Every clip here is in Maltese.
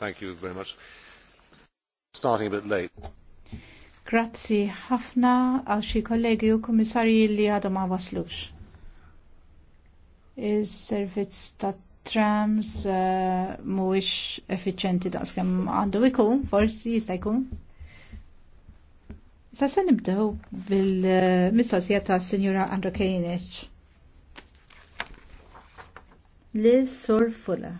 Thank you very much. Starting a bit late. Grazzi ħafna għal xi kollegi u kummissarji li għadhom ma waslux. Is-servizz ta' trams uh, mhuwiex effiċjenti daqskemm għandu jkun, forsi jista' jkun. Sa se nibdew bil-mistoqsija ta' Sinjura Andra Kejnic. Li Sur Fuller.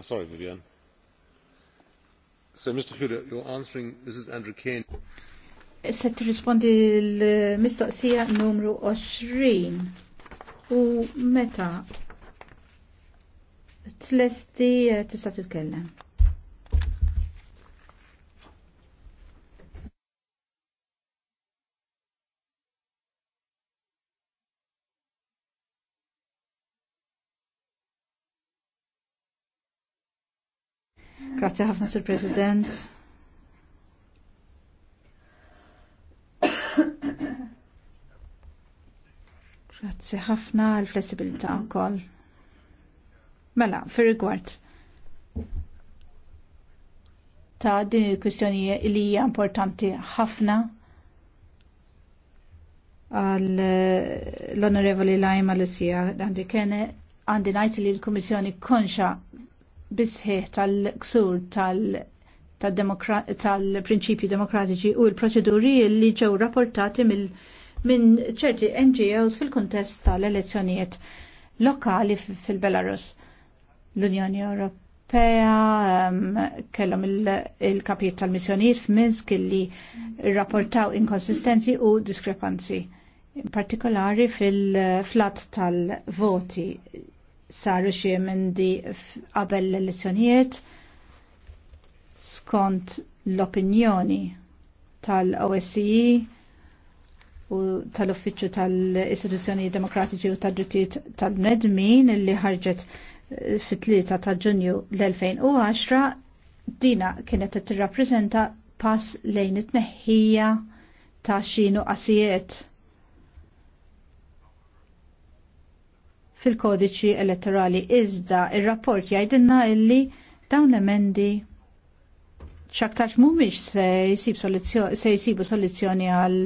Oh, sorry, Vivian. So, Mr. Fuller, you're answering Mrs. Andrew Kane. Se tirrispondi l-mistoqsija numru 20 u meta tlesti eh, tista' titkellem. Grazie ħafna sur President. Grazie ħafna għal flessibilità wkoll. Mela, fir rigward ta' din il-kwistjoni li hija importanti ħafna għal l-onorevoli Lajma Lusija għandi kene għandi najt li l kummissjoni konxa bisħieħ tal-ksur tal- ksur tal tal demokratiċi u l-proċeduri li ġew rapportati minn ċerti NGOs fil-kontest tal-elezzjonijiet lokali fil-Belarus. L-Unjoni Ewropea ehm, kellhom il-kapijiet tal-missjonijiet f'Minsk li rapportaw inkonsistenzi u diskrepanzi, in partikolari fil-flat tal-voti saru xie mendi qabel l-elezzjonijiet skont l-opinjoni tal-OSCE u tal-Uffiċċju tal-Istituzzjoni Demokratiċi u tad-Drittijiet tal-Nedmin li ħarġet eh, fit tlieta ta' Ġunju l-2010 dina kienet tirrappreżenta pass lejn it-tneħħija ta' xinu qasijiet fil-kodiċi elettorali iżda il-rapport jgħidilna illi dawn l-emendi ċaktax mumiex se se jisibu soluzzjoni għal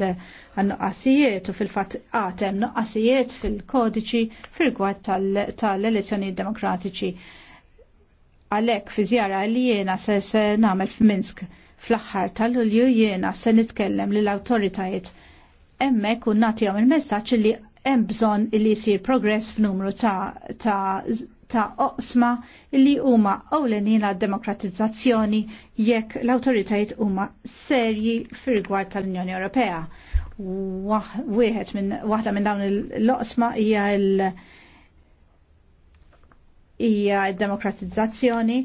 nuqqasijiet u fil-fat għatem nuqqasijiet fil-kodiċi fil-gwad tal-elezzjoni demokratiċi. Għalek fi zjara li jena se se namel f'Minsk fl-axħar tal-ulju jena se nitkellem l autoritajiet emmek u natijom il messaċ li hemm bżonn li jsir progress f'numru ta', ta ta' oqsma li huma ewlenin għad demokratizzazzjoni jekk l-awtoritajiet huma serji fir-rigward tal-Unjoni Ewropea. Wieħed minn waħda minn dawn l-oqsma hija l hija d-demokratizzazzjoni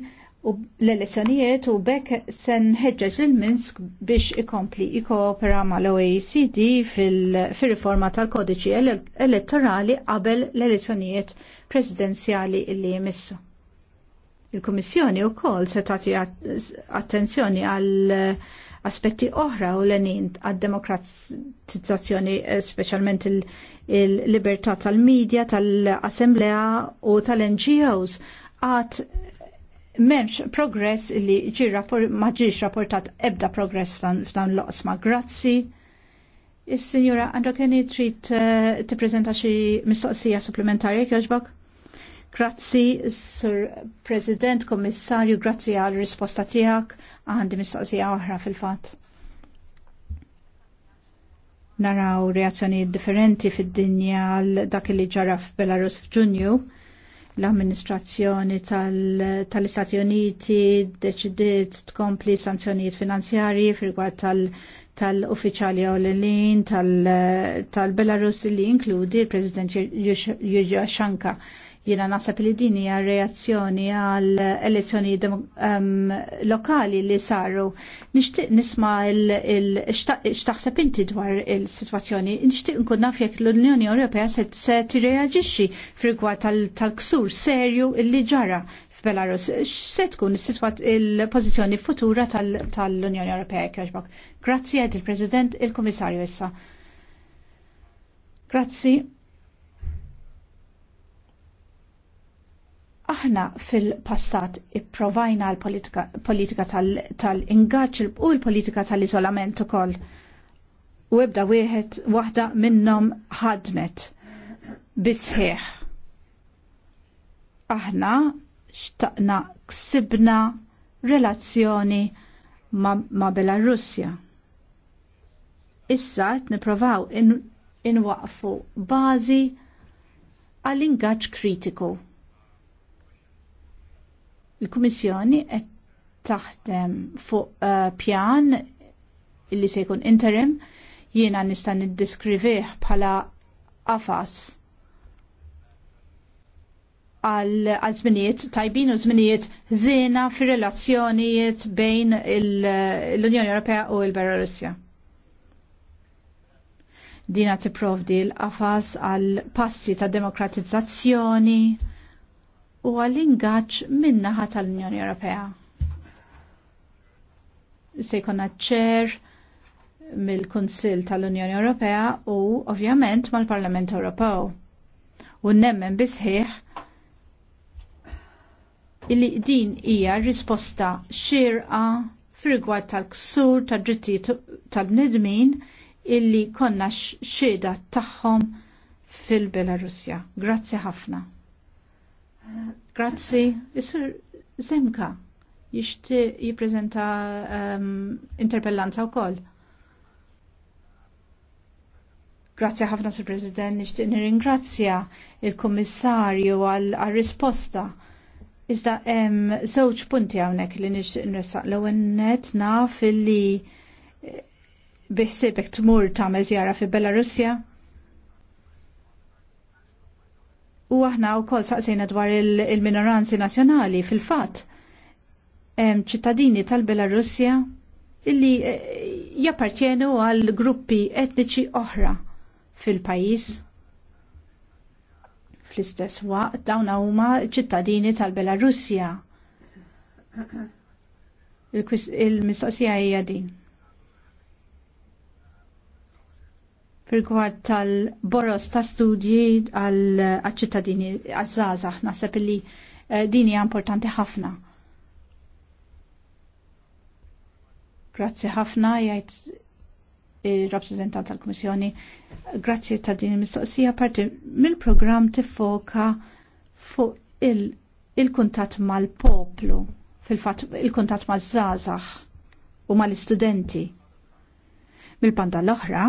u l-elezzjonijiet u bekk sen ħeġġeġ lil Minsk biex ikompli ikopera ma l-OECD fil-riforma tal-kodiċi elettorali qabel l-elezzjonijiet presidenzjali li jmissu. Il-Kummissjoni u kol se tagħti attenzjoni għal aspetti oħra u l-enin għad-demokratizzazzjoni, eh, specialment il-libertà tal-medja, tal-assemblea u tal-NGOs, għad memx progress li ġi rapport, ma rapportat ebda progress f'dan l-osma. Grazzi. Is-Sinjura, għandha kien trid eh, tippreżenta xi mistoqsija supplementarja jogħġbok? Grazzi, Sur President, Kommissarju, grazzi għal risposta tiegħek għandi mistoqsija oħra fil-fatt. Naraw reazzjoni differenti fid-dinja għal dak li ġara f'Belarus f'Ġunju l-amministrazzjoni tal-Istati tal Uniti deċidiet tkompli sanzjonijiet finanzjarji fil-gwad tal- tal-uffiċjali ewlenin tal-Belarus li inkludi l-President Yushchenko Jiena nasab li din hija reazzjoni għal elezzjoni um, lokali li saru. Nixtieq nisma' x'taħseb inti dwar il-sitwazzjoni. Nixtieq nkun naf jekk l-Unjoni Ewropea se tirreaġixxi f'rigward tal-ksur serju li ġara f'Belarus. Se tkun il-pożizzjoni futura tal-Unjoni Ewropea kħaxbok. Grazzi għed il-President, il-Komissarju issa. Grazzi. Aħna fil-passat ipprovajna l-politika tal-ingaċ u l-politika tal-izolament ukoll. U ebda wieħed waħda minnhom ħadmet bisħieħ. Aħna xtaqna ksibna relazzjoni ma, ma Belarusja. Issa qed niprovaw inwaqfu in bażi għall-ingaġġ kritiku. Il-Kummissjoni qed taħdem fuq eh, pjan illi se jkun interim jiena nista' niddiskrivih bħala qafas għal żminijiet tajbin u żminijiet żiena fir-relazzjonijiet bejn l-Unjoni Ewropea u l-Belarusja. Dina tipprovdi l-qafas għal passi ta' demokratizzazzjoni u għall-ingaġġ min-naħa tal-Unjoni Ewropea. Se jkun ċer mill-Kunsill tal-Unjoni Ewropea u ovvjament mal-Parlament Ewropew. U nemmen bisħiħ illi din hija risposta xirqa firgwad tal-ksur tad-drittijiet tal-bnedmin illi konna xieda tagħhom fil-Belarusja. Grazzi ħafna. Grazzi. Isir Zemka, jixti jiprezenta um, interpellanza u kol. Grazzi ħafna Sir President, nixtieq nirringrazzja il-Kummissarju għal risposta. Iżda hemm żewġ punti hawnhekk li nixtieq nressaq l-ewwel net naf li eh, biħsibek tmur tagħmel żjara fi Belarusja U aħna u kol saqsejna dwar il-minoranzi il nazjonali fil-fat. ċittadini tal-Belarusja illi eh, jappartjenu għal gruppi etniċi oħra fil-pajis. Fl-istess waqt dawn huma ċittadini tal-Belarusja. Il-mistoqsija hija din Rigward tal-boros ta' studji għal-ċittadini għazzazax, nasab li eh, dini importanti ħafna. Grazzi ħafna, jgħid il-rappresentant tal-Komissjoni. Grazzi ta' din il-mistoqsija parti mill-programm tiffoka fuq il-kuntat il mal-poplu, fil-fat il-kuntat mal-żazax u mal-istudenti. mil panda l-oħra,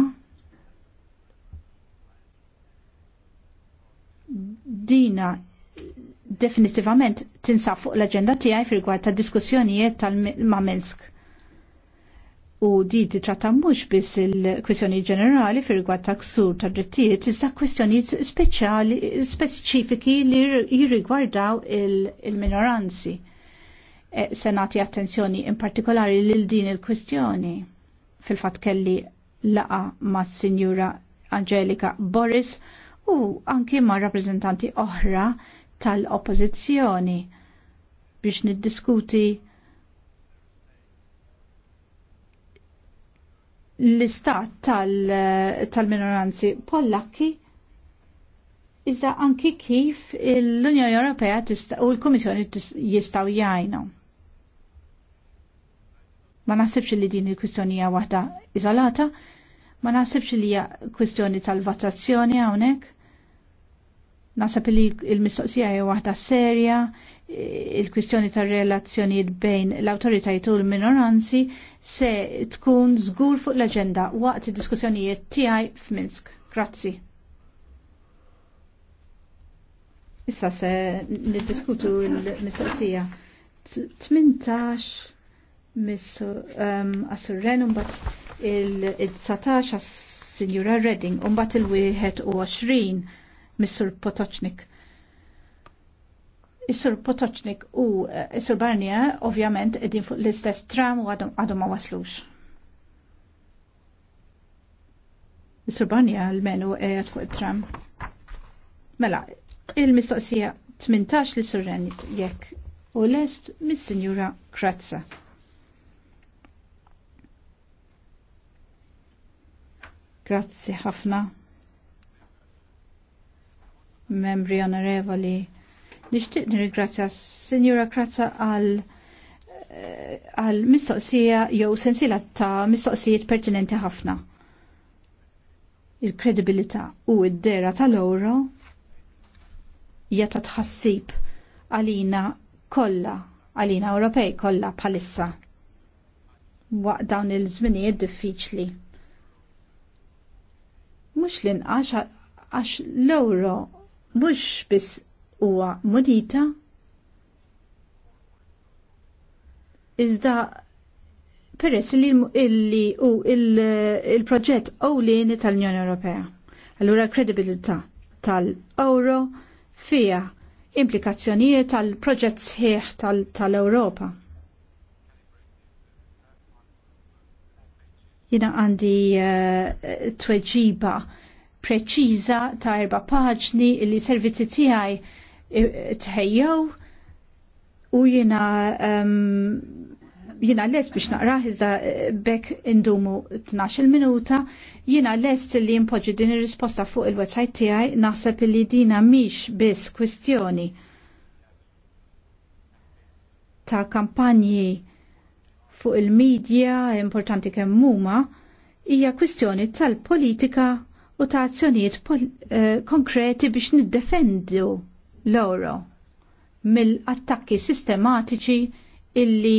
dina definitivament tinsa fuq l-agenda tiegħi fil-gwar ta' diskussjonijiet tal mamensk U di titratta mhux biss il-kwistjoni ġenerali fil-rigward ta' ksur ta' drittijiet, iżda kwistjonijiet speċjali speċifiki li jirrigwardaw il-minoranzi. Il e, se nagħti attenzjoni in partikolari lil din il-kwistjoni. Fil-fatt kelli laqa mas-Sinjura Angelika Boris u anki ma' rappresentanti oħra tal-oppozizjoni biex niddiskuti l-istat tal-minoranzi tal pollakki iżda anki kif l-Unjoni Ewropea u l-Komissjoni jistaw jajnu. Ma naħsibx li din il-kwistjoni hija waħda iżolata, ma naħsibx li hija kwistjoni tal-votazzjoni hawnhekk, Nasab li il-mistoqsija hija waħda serja, il-kwistjoni tar relazzjonijiet bejn l-autoritajiet u l-minoranzi se tkun żgur fuq l-aġenda waqt id-diskussjonijiet tiegħi f'Minsk. Grazzi. Issa se niddiskutu l-mistoqsija 18 Miss um, Assurren mbagħad il-19 għas-Sinjura Redding u mbagħad il 20 Mr. Potocnik. Potocznik. Is-Sur Potocznik u eh, is-Sur Barnier ovvjament edin fuq l-istess tram u għadhom ma waslux. Is-Sur l menu eh, għed fuq it-tram. Mela, il-mistoqsija 18 li surren jekk u lest mis-Sinjura Krazza. Grazzi ħafna membri onorevoli. Nixtieq nirringrazzja s-Sinjura Krazza għal eh, għal mistoqsija jew sensila ta' mistoqsijiet pertinenti ħafna. Il-kredibilità u id-dera tal loro hija tħassib għalina kollha, għalina Ewropej kollha bħalissa waqt dawn il-żminijiet diffiċli. Mhux l-inqax għax l-ewro mhux biss huwa mudita iżda peress li illi u il-proġett il ewlieni tal-Unjoni Ewropea. Allura kredibilità tal-euro fija implikazzjonijiet tal-proġett sħiħ tal-Ewropa. -tal Jina għandi uh, tweġiba preċiża ta' erba paġni li servizzi tiegħi eh, tħejjew u jiena ehm, jina lest biex naqraħ iżda eh, bekk indumu 12 minuta, jina lest li jimpoġi din ir-risposta fuq il-website tiegħi naħseb li dina mhix biss kwistjoni ta' kampanji fuq il-medja importanti kemm huma hija kwistjoni tal-politika u ta' azzjonijiet eh, konkreti biex niddefendu l-oro mill-attakki sistematiċi illi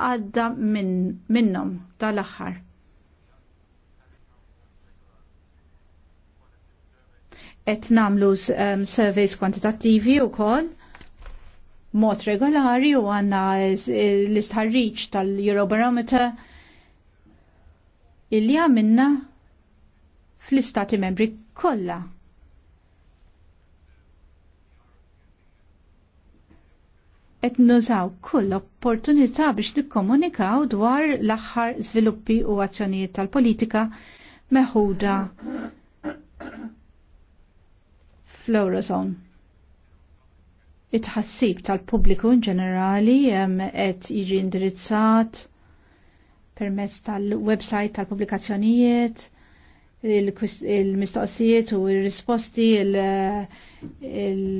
għadda min, minnom tal-axħar. Et namlu um, surveys kwantitativi u koll, mot regolari u għanna l-istħarriċ tal-Eurobarometer illi għamilna fl-istati membri kollha. Et nużaw kull opportunità biex nikkomunikaw dwar l-aħħar żviluppi u azzjonijiet tal-politika meħuda fl-Eurozone. It-ħassib tal-pubbliku in ġenerali qed jiġi indirizzat permezz tal-website tal-pubblikazzjonijiet, il-mistoqsijiet u il-risposti, il-foljetti,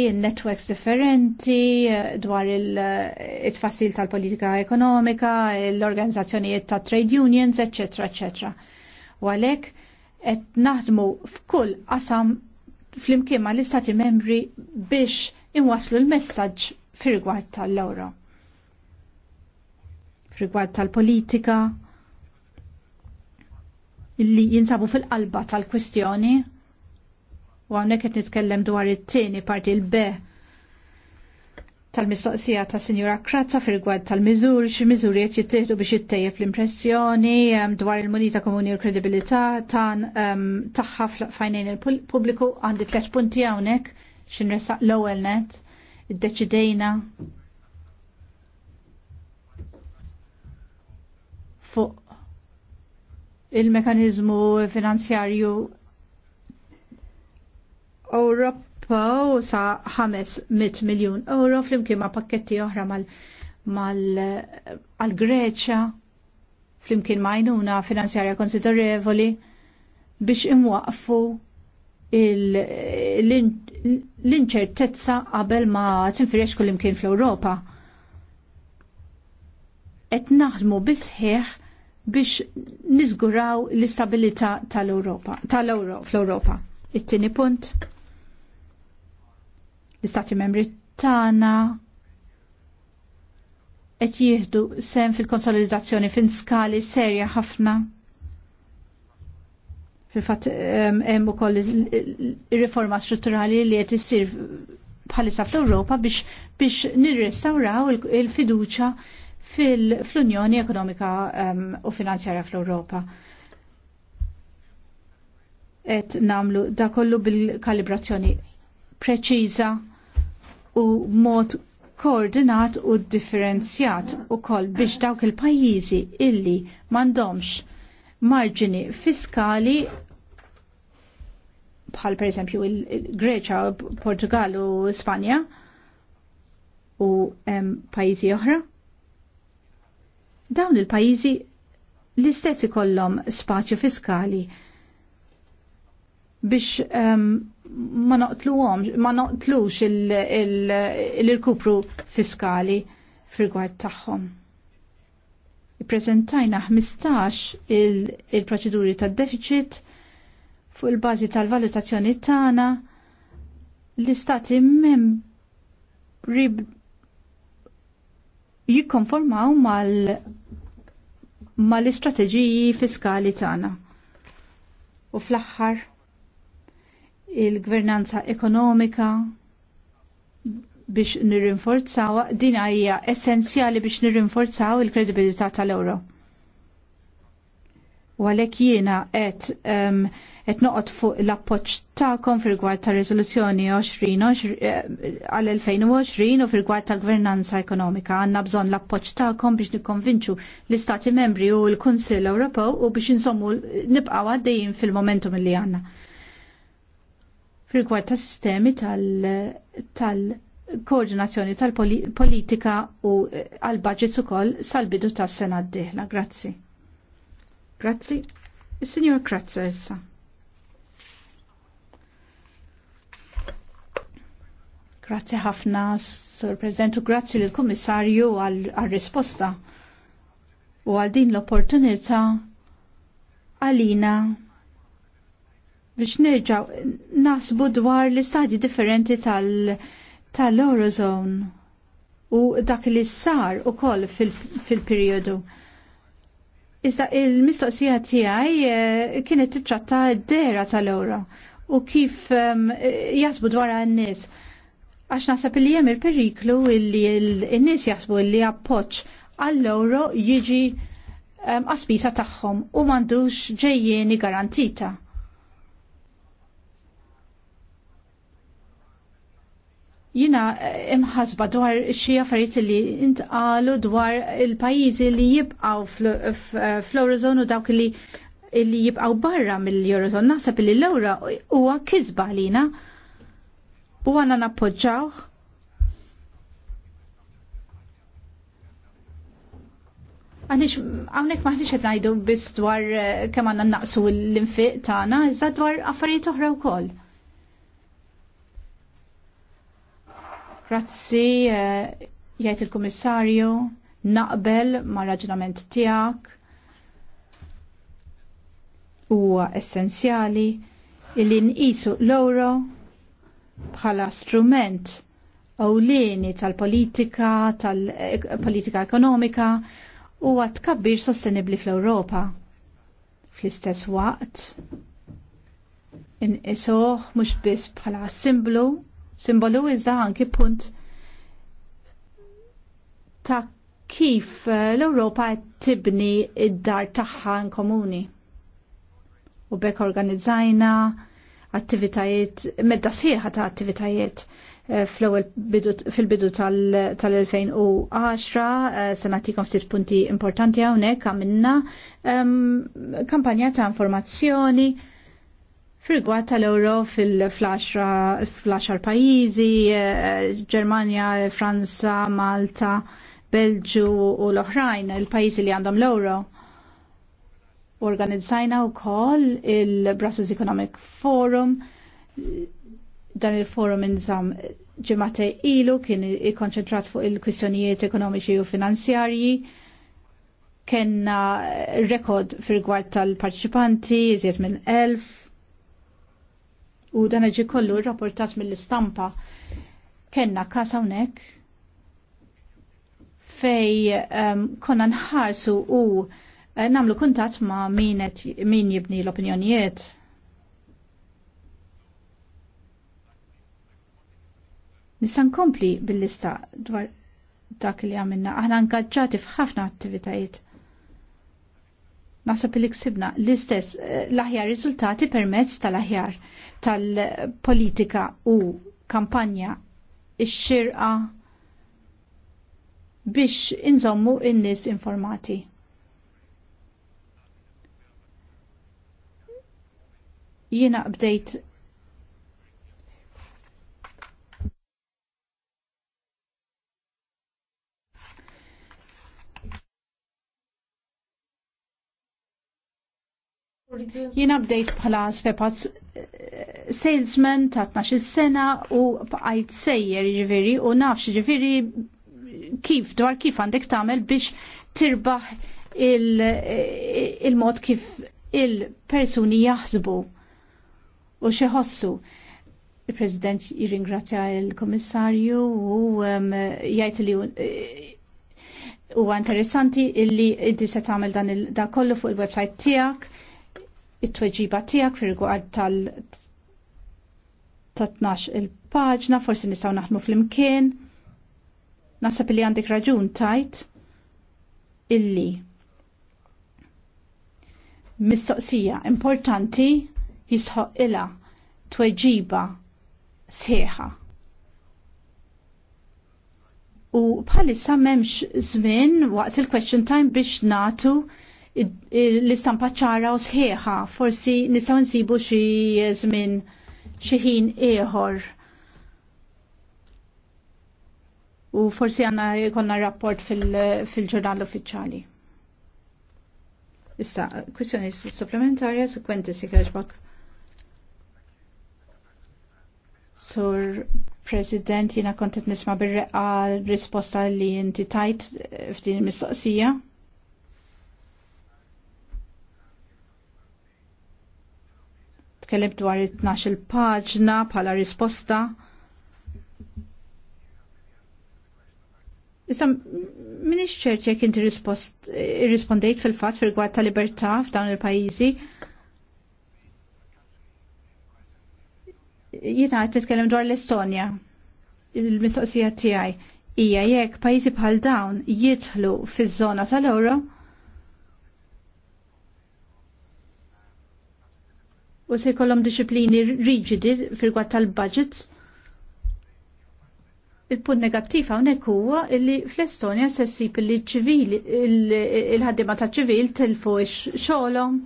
um, il-networks differenti eh, dwar il-tfassil eh, tal-politika ekonomika, l-organizzazzjonijiet ta' trade unions, etc. etc. U għalek, et naħdmu f'kull qasam fl-imkien ma l-istati membri biex inwaslu l-messagġ fir-rigward tal-lawra. Fir-rigward tal-politika, li jinsabu fil-qalba tal-kwistjoni u għamnek qed nitkellem dwar it-tieni parti l-B tal-mistoqsija ta' Sinjura Krazza fil-gwad tal-miżur, xi miżuri qed jittieħdu biex jittejjeb l-impressjoni dwar il-munita komuni u kredibilità tan fl fajnejn il-pubbliku għandi tliet punti hawnhekk x'inresaq l-ewwel net iddeċidejna fuq il-mekanizmu finanzjarju Europa sa 500 miljon euro flimkien ma' pakketti oħra mal-Greċa flimkien ma' jnuna finanzjarja konsiderevoli biex imwaqfu l-inċertezza qabel ma tinfirex kullimkien fl-Europa. Et naħdmu bisħieħ biex niżguraw l-istabilità tal-Europa, tal europa fl-Europa. It-tieni punt l-Istati Membri tagħna qed jieħdu sem fil-konsolidazzjoni fin skali serja ħafna fil-fatt hemm ukoll ir-riforma strutturali li qed issir bħalissa fl-Ewropa biex nir-restawraw nirrestawraw il-fiduċa il fiduċa fil-Unjoni Ekonomika um, u Finanzjarja fl-Europa. Et namlu da kollu bil-kalibrazzjoni preċiża u mod koordinat u differenzjat u koll biex dawk il-pajjiżi illi mandomx marġini fiskali bħal per esempio il-Greċa, Portugal u Spanja u pajjiżi oħra Dawn il-pajizi l-istess ikollhom spazju fiskali biex um, ma noqtluhom, ma noqtlux il-rkupru fiskali fil-gwart tagħhom. Ippreżentajna 15 il-proċeduri il proċeduri ta' tad deficit fuq il-bażi tal-valutazzjoni tagħna l-istati membri jikkonformaw mal mal-istrateġiji fiskali tagħna. U fl-aħħar il-gvernanza ekonomika biex nirrinforzaw, din hija essenzjali biex nirrinforzaw il-kredibilità tal-euro. U għalhekk jiena qed um, qed noqgħod fuq l-appoġġ tagħkom fil-rigward ta' riżoluzzjoni 20 eh, għal-2020 u fil-rigward tal-gvernanza ekonomika. Għandna bżonn l-appoġġ tagħkom biex nikkonvinċu l-Istati Membri u l-Kunsill Ewropew u biex insommu nibqgħu għaddejjin fil-momentum li għandna rigward ta' sistemi tal-koordinazzjoni tal tal-politika u eh, għal su ukoll sal-bidu tas sena d-dieħla. Grazzi. Grazzi. Is-Sinjor Kratza issa. Grazzi ħafna, Sur President, u grazie lill-Kummissarju għal-risposta u għal din l-opportunità għalina biex nerġaw nasbu dwar l-istadji differenti tal-Eurozone u dak li s sar u koll fil-periodu. Fil Iżda il-mistoqsija tiegħi eh, kienet titratta d-dera tal-Euro u kif um, jasbu dwar għan-nies għax naħseb li hemm il-periklu illi n-nies jaħsbu li appoġġ għall loro jiġi ehm, għaspisa tagħhom u m'għandux ġejjieni garantita. Jina eh, imħasba dwar xie affarijiet li intqalu dwar il-pajjiżi li jibqgħu fl-Eurozone u dawk li jibqgħu barra mill-Eurozone. Naħseb li l-Ewra huwa kisba għalina u għanna nappoġġaw Għanix, għawnek maħniċ għed najdu bis dwar eh, kemm għanna naqsu l-infiq tagħna, iżda dwar affarijiet oħra kol. Grazzi, eh, jgħid il-Kummissarju, naqbel ma' raġunament tiegħek huwa essenzjali il-in nqisu l oro bħala strument ewlieni tal-politika, tal-politika ekonomika u għat kabbir sostenibli fl-Europa. Fl-istess waqt, isoħ mhux biss bħala simbolu, simbolu iżda anki punt ta' kif l-Europa tibni id-dar tagħha komuni. U bekk organizzajna attivitajiet, medda sħiħa ta' attivitajiet eh, fil-bidu tal-2010 eh, se nagħtikom ftit punti importanti hawnhekk għamilna kampanja ta' informazzjoni Frigwa tal-Euro fil-10 pajjiżi, Ġermanja, eh, Franza, Malta, Belġu u l-oħrajn, il-pajjiżi li għandhom l-Euro Organizzajna wkoll il-Brussels Economic Forum dan il-forum inżam ġemate ilu kien ikkonċentrat fuq il-kwistjonijiet ekonomiċi u finanzjarji kenna rekord fil-gwart tal-parċipanti iżjed minn elf u dan ġi kollu rapportat mill-istampa kenna kasa unek fej um, konna nħarsu u Eh, namlu kuntat ma min jibni l-opinjonijiet. Nisan kompli bil-lista dwar dak li għamilna. Aħna nkaġġati f'ħafna attivitajiet. Nasab li ksibna l-istess eh, l-aħjar riżultati permezz tal-aħjar tal-politika u kampanja ix-xirqa biex inżommu in-nies informati. jiena bdejt Jiena bdejt bħala spepaz eh, salesman ta' 12 sena u bqajt sejjer ġifiri u nafx ġifiri kif dwar kif għandek tagħmel biex tirbaħ eh, il-mod il kif il-persuni jaħsbu u xeħossu. Il-President jirringrazzja il-Komissarju u um, jgħid li huwa interessanti illi inti se tagħmel dan il da kollu fuq il-website tiegħek, it-tweġiba tiegħek fir-rigward tal ta' 12 il-paġna, forsi nistgħu naħdmu fl-imkien. Nasab li għandek raġun tajt illi mistoqsija importanti jisħoq ila tweġiba sħiħa. U bħalissa memx żmien waqt il-question time biex natu l-istampa ċara u sħiħa. Forsi nistgħu nsibu xi żmien xi ħin ieħor. U forsi għandna konna rapport fil-ġurnal uffiċjali. Issa, kwistjoni supplementarja su kwenti si kħarġbak. Sur President, jina kontet nisma birre reqqa risposta li jinti tajt eh, f'din mistoqsija. Tkellim dwar 12 paġna bħala risposta. Issa, minix ċerċ jek inti rispondejt fil-fat fil-gwad ta' libertà f'dawn il-pajizi. jina għed titkellem dwar l-Estonja, il-mistoqsija tijaj, hija jekk pajjiżi bħal dawn jidħlu fiż-żona tal euro u se jkollhom disciplini riġidi fil-gwad tal-budgets. Il-punt negattiv hawnhekk huwa li fl-Estonja se ssib li ċivili il-ħaddiema ta' ċivil tilfu xogħolhom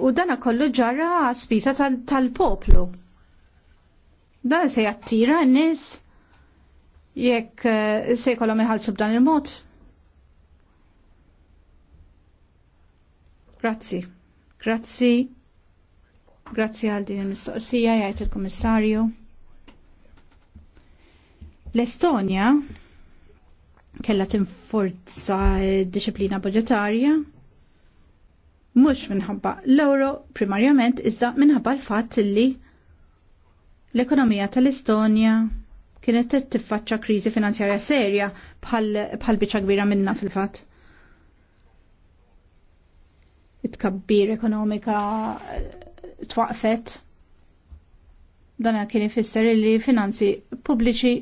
u dana kollu ġarra spisa tal-poplu. dan se jattira n-nis jekk eh, se kolom iħalsu b'dan il-mod. Grazzi. Grazzi. Grazzi għal din il-mistoqsija, jgħajt il-komissarju. L-Estonja kella tinforza disciplina budgetarja mhux minħabba l-euro primarjament iżda minħabba l-fatt li l-ekonomija tal-Estonja kienet tiffaċċa kriżi finanzjarja serja bħal biċċa kbira minna fil fat It-kabbir ekonomika eh, twaqfet dan kien ifisser li finanzi pubbliċi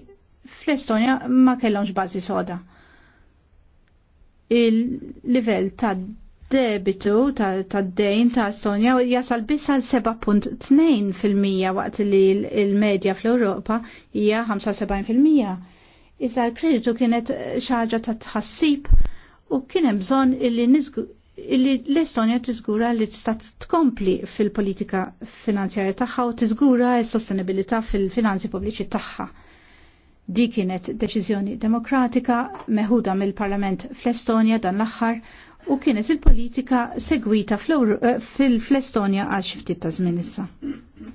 fl-Estonja ma kellhomx bażi soda. Il-livell ta' debitu tad-dejn ta' Estonja jasal biss għal 7.2% waqt li l-medja fl-Ewropa hija 75%. fil-mija. Issa l-kreditu kienet xaġa ta' tħassib u kien hemm bżonn illi l-Estonja tiżgura li tista' tkompli fil-politika finanzjarja tagħha u tiżgura s-sostenibilità fil-finanzi pubbliċi tagħha. Di kienet deċiżjoni demokratika meħuda mill-Parlament fl-Estonja dan l-aħħar u kienet il-politika segwita eh, fil-Estonja għal xiftit ta' zminissa. issa.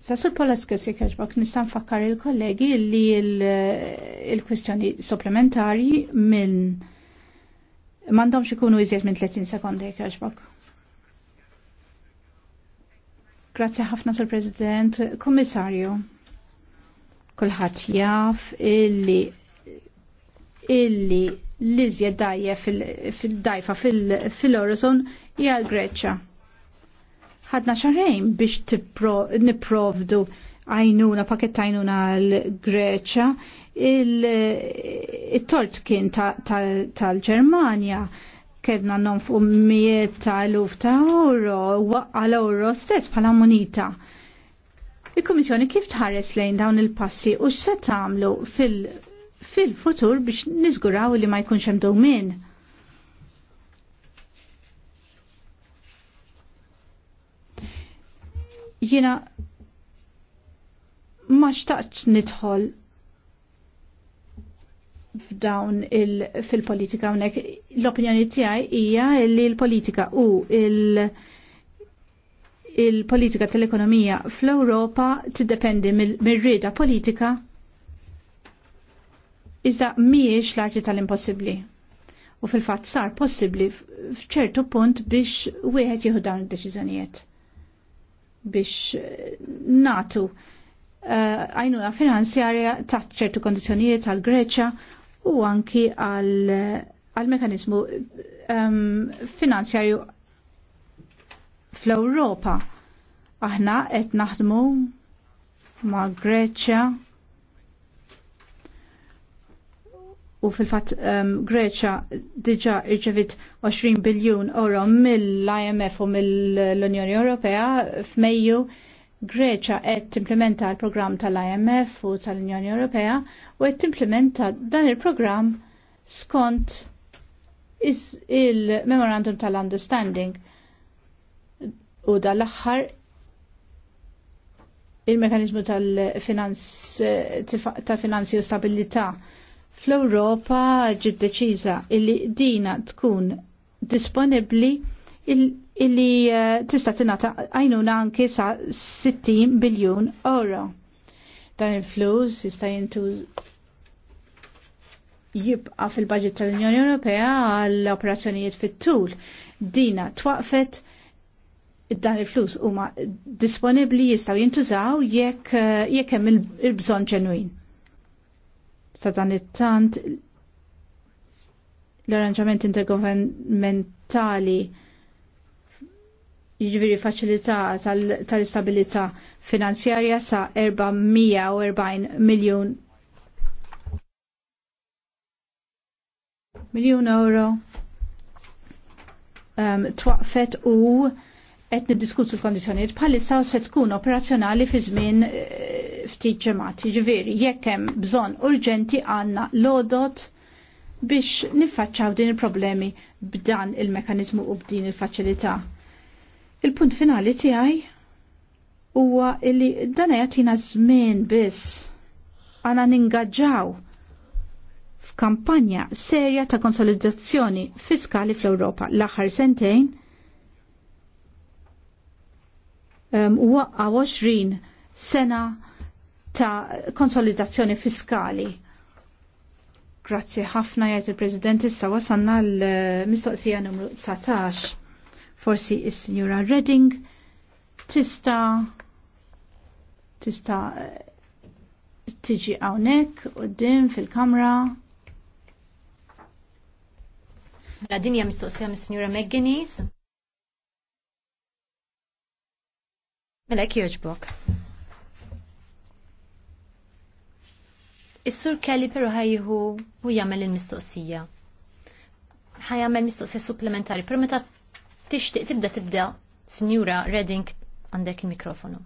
Sasur Polaska Sikerġbak nista' nfakkar il-kollegi li eh, il-kwistjoni supplementari minn m'għandhomx ikunu iżjed minn 30 sekondi jkerġbak. Grazzi ħafna sur President, Kommissarju. Kulħadd jaf illi illi l-izja dajja fil-dajfa fil-Eurozon hija l Ħadna ċarrejn biex niprovdu għajnuna, pakett għajnuna l greċa il-tort kien tal-Ġermanja kedna non fuq mieta' ta' eluf ta' euro, għal euro stess bħala monita. Il-Komissjoni kif tħares lejn dawn il-passi u x'se tagħmlu fil- fil-futur biex niżguraw li ma jkunx hemm dowmin. Jiena ma xtaqt nidħol f'dawn fil-politika hawnhekk: l-opinjoni tiegħi hija li l-politika u il- il-politika tal-ekonomija fl-Europa tiddependi mill-rida politika tal ekonomija fl ewropa tiddependi mill rieda politika iżda mhijiex l-arti tal-impossibbli. U fil-fatt sar possibbli f'ċertu punt biex wieħed jieħu dawn id-deċiżjonijiet. Biex eh, natu eh, għajnuna uh, finanzjarja taħt ċertu kondizjonijiet għal Greċja u anki għal mekanizmu um, finanzjarju fl-Europa. Aħna qed naħdmu ma' Greċja u fil-fat um, Greċa diġa irċevit 20 biljun euro mill-IMF u mill-Unjoni Ewropea f'Mejju Greċa qed timplementa l-programm tal-IMF u tal-Unjoni Ewropea u qed timplementa dan il-programm skont il-Memorandum tal-Understanding u dal-aħħar il-mekanizmu tal-finanzi eh, ta u stabilità fl-Ewropa ġid deċiża illi dina tkun disponibbli illi eh, tista' tingħata għajnuna anke sa 60 biljun euro. Dan il-flus jista' jintuż jibqa fil-budget tal-Unjoni Ewropea għall operazzjonijiet fit-tul. Dina twaqfet dan il-flus huma disponibbli jistgħu jintużaw jekk eh, jekk hemm il-bżonn ġenwin ta' dan it-tant l-arranġament intergovernmentali jiġifieri faċilità tal-istabilità finanzjarja sa' 440 miljun miljun euro um, twaqfet u qed niddiskutu l-kondizzjonijiet bħalissa se tkun operazzjonali fi żmien eh, ftit ġemat. Ġifieri jekk hemm bżonn urġenti għandna lodot biex niffaċċaw din il-problemi b'dan il-mekanizmu u b'din il-faċilità. Il-punt finali tiegħi huwa li dan jagħtina żmien biss għana ningaġġaw f'kampanja serja ta' konsolidazzjoni fiskali fl-Ewropa l-aħħar sentejn u waqqa 20 sena ta' konsolidazzjoni fiskali. Grazzi ħafna jgħid il-President issa wasanna l-mistoqsija numru 19. Forsi is signora Redding tista tista eh, tiġi hawnhekk din fil-kamra. La dinja mistoqsija mis signora McGuinness. Mela joġbok. Is-sur Kelly peru ħajju u jagħmel il-mistoqsija. jagħmel mistoqsija supplementari, però meta tixtieq tibda tibda, Sinjura Redding għandek il-mikrofonu.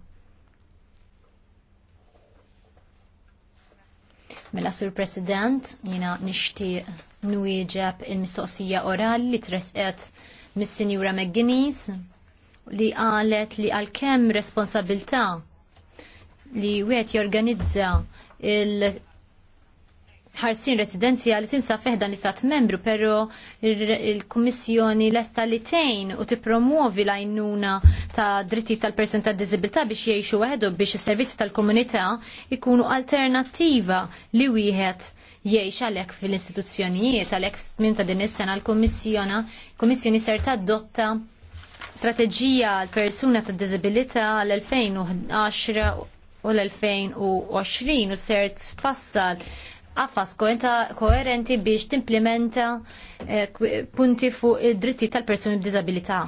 Mela sur President, jina nixtieq nwieġeb il-mistoqsija orali li tresqet mis-Sinjura McGuinness li qalet li għal kem responsabilta li wieħed jorganizza il ħarsin residenzjali tinsa feħdan l-istat membru, pero il-Kummissjoni lesta li tejn u l-għajnuna ta' dritti tal persen ta' dizibilta biex jiexu għedu biex il-servizzi tal-komunità ikunu alternativa li wieħed jiex għalek fil-istituzzjonijiet, għalek minn ta' din is-sena l-Kummissjoni ser ta' dotta strateġija għal persuna ta' disabilita l-2010 u l-2020 u ser tfassal għaffas koerenti biex timplementa eh, punti fuq id-dritti tal-persuni b'disabilità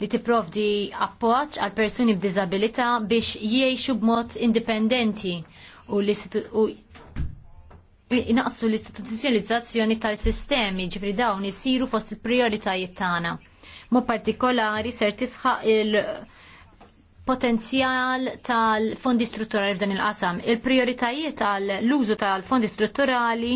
li tipprovdi appoġġ għal persuni b'disabilità biex jiexu b'mod indipendenti u li inaqsu l istituzjonizzazzjoni tal-sistemi ġifri dawn isiru fost il-prioritajiet tagħna ma partikolari ser tisħaq il- potenzjal tal-fondi strutturali f'dan il-qasam. Il-prioritajiet tal-użu tal-fondi strutturali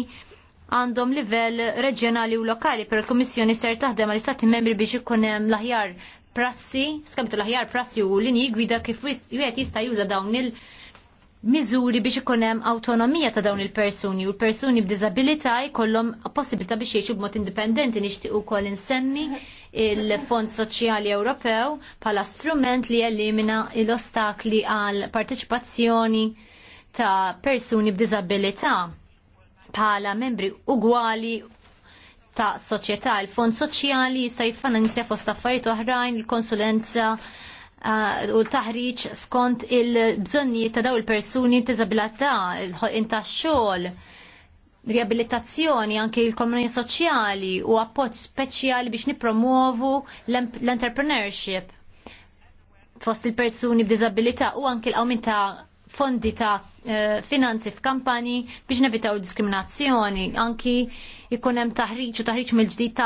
għandhom livell reġjonali u lokali, per il-Komissjoni ser taħdem għal istati membri biex ikun hemm l-aħjar prassi, skabit l-aħjar prassi u linji gwida kif wieħed jista' juża dawn il- miżuri biex ikun hemm awtonomija ta' dawn il-persuni u l-persuni b'diżabilità jkollhom possibilità biex jgħixu b'mod indipendenti nixtieq ukoll insemmi il-Fond Soċjali Ewropew bħala strument li jelimina l-ostakli għal parteċipazzjoni ta' persuni b'diżabilità bħala membri ugwali ta' soċjetà. Il-Fond Soċjali jista' jiffinanzja fost affarijiet oħrajn il-konsulenza u taħriġ skont il-bżonnijiet ta' daw il-persuni tiżabilità, il-ħolqin tax xogħol, riabilitazzjoni anke l komuni soċjali u appoġġ speċjali biex nipromuovu l-entrepreneurship fost il-persuni b'diżabilità u anke l-qawmin ta' fondi ta' eh, finanzi f'kampani biex nevitaw diskriminazzjoni, anki ikun hemm taħriġ u taħriġ mill-ġdid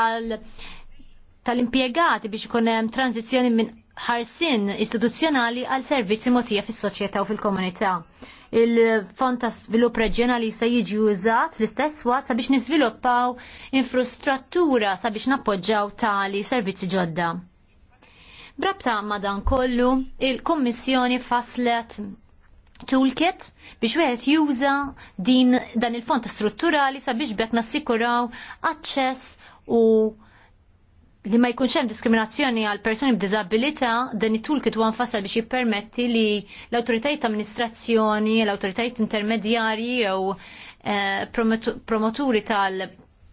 tal-impjegati biex ikun hemm tranzizzjoni minn ħarsin istituzzjonali għal servizzi motija fis soċjetà u fil-komunità. Il-fond ta' svilupp reġjonali se jiġi użat fl-istess waqt sabiex niżviluppaw infrastruttura sabiex nappoġġaw tali servizzi ġodda. Brabta ma' dan kollu, il-Kommissjoni faslet toolkit biex wieħed juża din dan il-fond strutturali sabiex bekk nassikuraw aċċess u li ma jkunx hemm diskriminazzjoni għal persuni b'diżabilità dan it-tul kit nfassal biex jippermetti li l-awtoritajiet amministrazzjoni, l-awtoritajiet intermedjarji jew eh, promoturi tal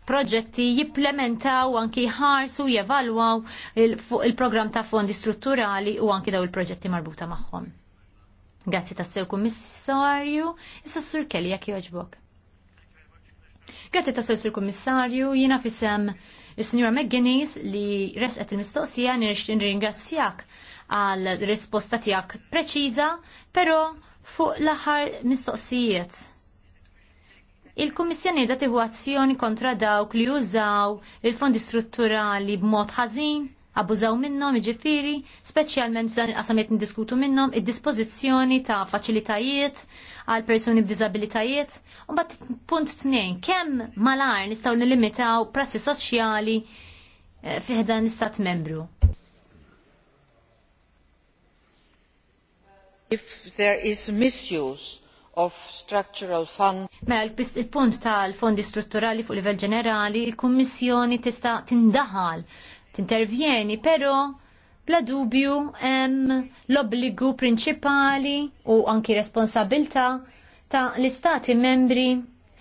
proġetti jipplementaw anki jħarsu jevalwaw il-programm ta' fondi strutturali u anki daw il-proġetti marbuta magħhom. Grazzi sew kummissarju, issa Sur Kelly jekk jogħġbok. Grazzi tassew Sur Kummissarju, jina fisem Is-Sinjora McGuinness li resqet il-mistoqsija nirixtin ringrazzjak għal risposta tijak preċiza, pero fuq l-aħħar mistoqsijiet. Il-Kummissjoni dati tiħu azzjoni kontra dawk li użaw il-fondi strutturali b'mod ħażin, abbużaw minnhom iġifiri, speċjalment f'dan il-qasamiet diskutu minnhom id-dispożizzjoni ta' faċilitajiet għal persuni b'diżabilitajiet. U bat punt tnejn, kemm malar nistgħu nilimitaw prassi soċjali eh, fiħda nistat membru? If there is misuse of structural funds. Mela, il-punt tal-fondi strutturali fuq livell ġenerali, il-Kummissjoni tista' tindaħal, tintervjeni, però Bla dubju hemm l-obbligu prinċipali u anki responsabilta ta' l-istati membri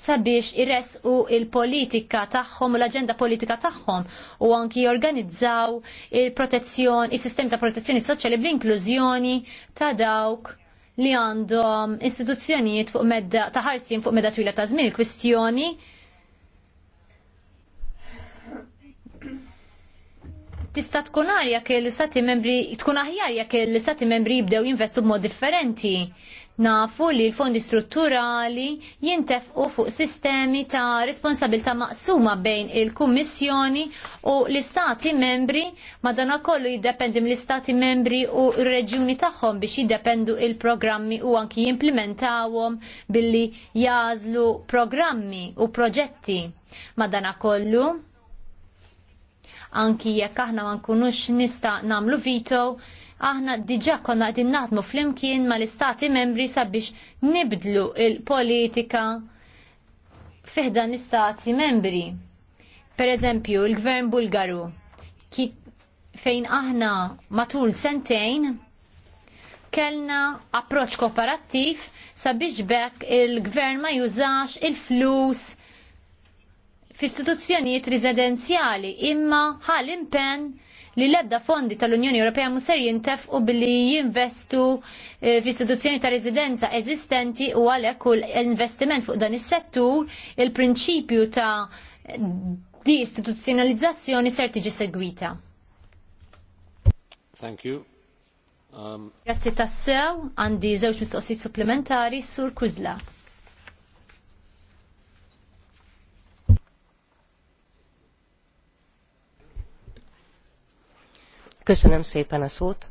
sabiex u il-politika tagħhom u l-aġenda politika tagħhom u anki jorganizzaw il-protezzjoni, il sistem ta' protezzjoni soċjali bl-inklużjoni ta' dawk li għandhom istituzzjonijiet fuq medda ta' ħarsien fuq medda twila ta' żmien il-kwistjoni tista' tkun għar jekk l-istati membri tkun aħjar jekk l-istati membri jibdew jinvestu b'mod differenti. Nafu li l-fondi strutturali jintefqu fuq sistemi ta' responsabilta' maqsuma bejn il-Kummissjoni u l-istati membri kollu jiddependi mill-istati membri u r-reġjuni tagħhom biex jiddependu il-programmi u anki jimplementawhom billi jażlu programmi u proġetti. Madanakollu, anki jekk aħna ma nkunux nista' nagħmlu veto, aħna diġà konna qegħdin naħdmu flimkien mal-istati membri sabiex nibdlu il-politika fiħdan l-istati membri. Per eżempju, il-Gvern Bulgaru, fejn aħna matul sentejn kellna approċ kooperattiv sabiex bekk il-gvern ma jużax il-flus f'istituzzjonijiet residenzjali imma ħal impenn li l-ebda fondi tal-Unjoni Ewropea muser jintefqu billi jinvestu eh, f'istituzzjoni ta' residenza eżistenti u għalhekk u l-investiment fuq dan is-settur il-prinċipju ta' di istituzzjonalizzazzjoni ser tiġi segwita. Thank you. Um... Grazzi tassew, għandi żewġ mistoqsijiet supplementari sur Kuzla. Köszönöm szépen a szót.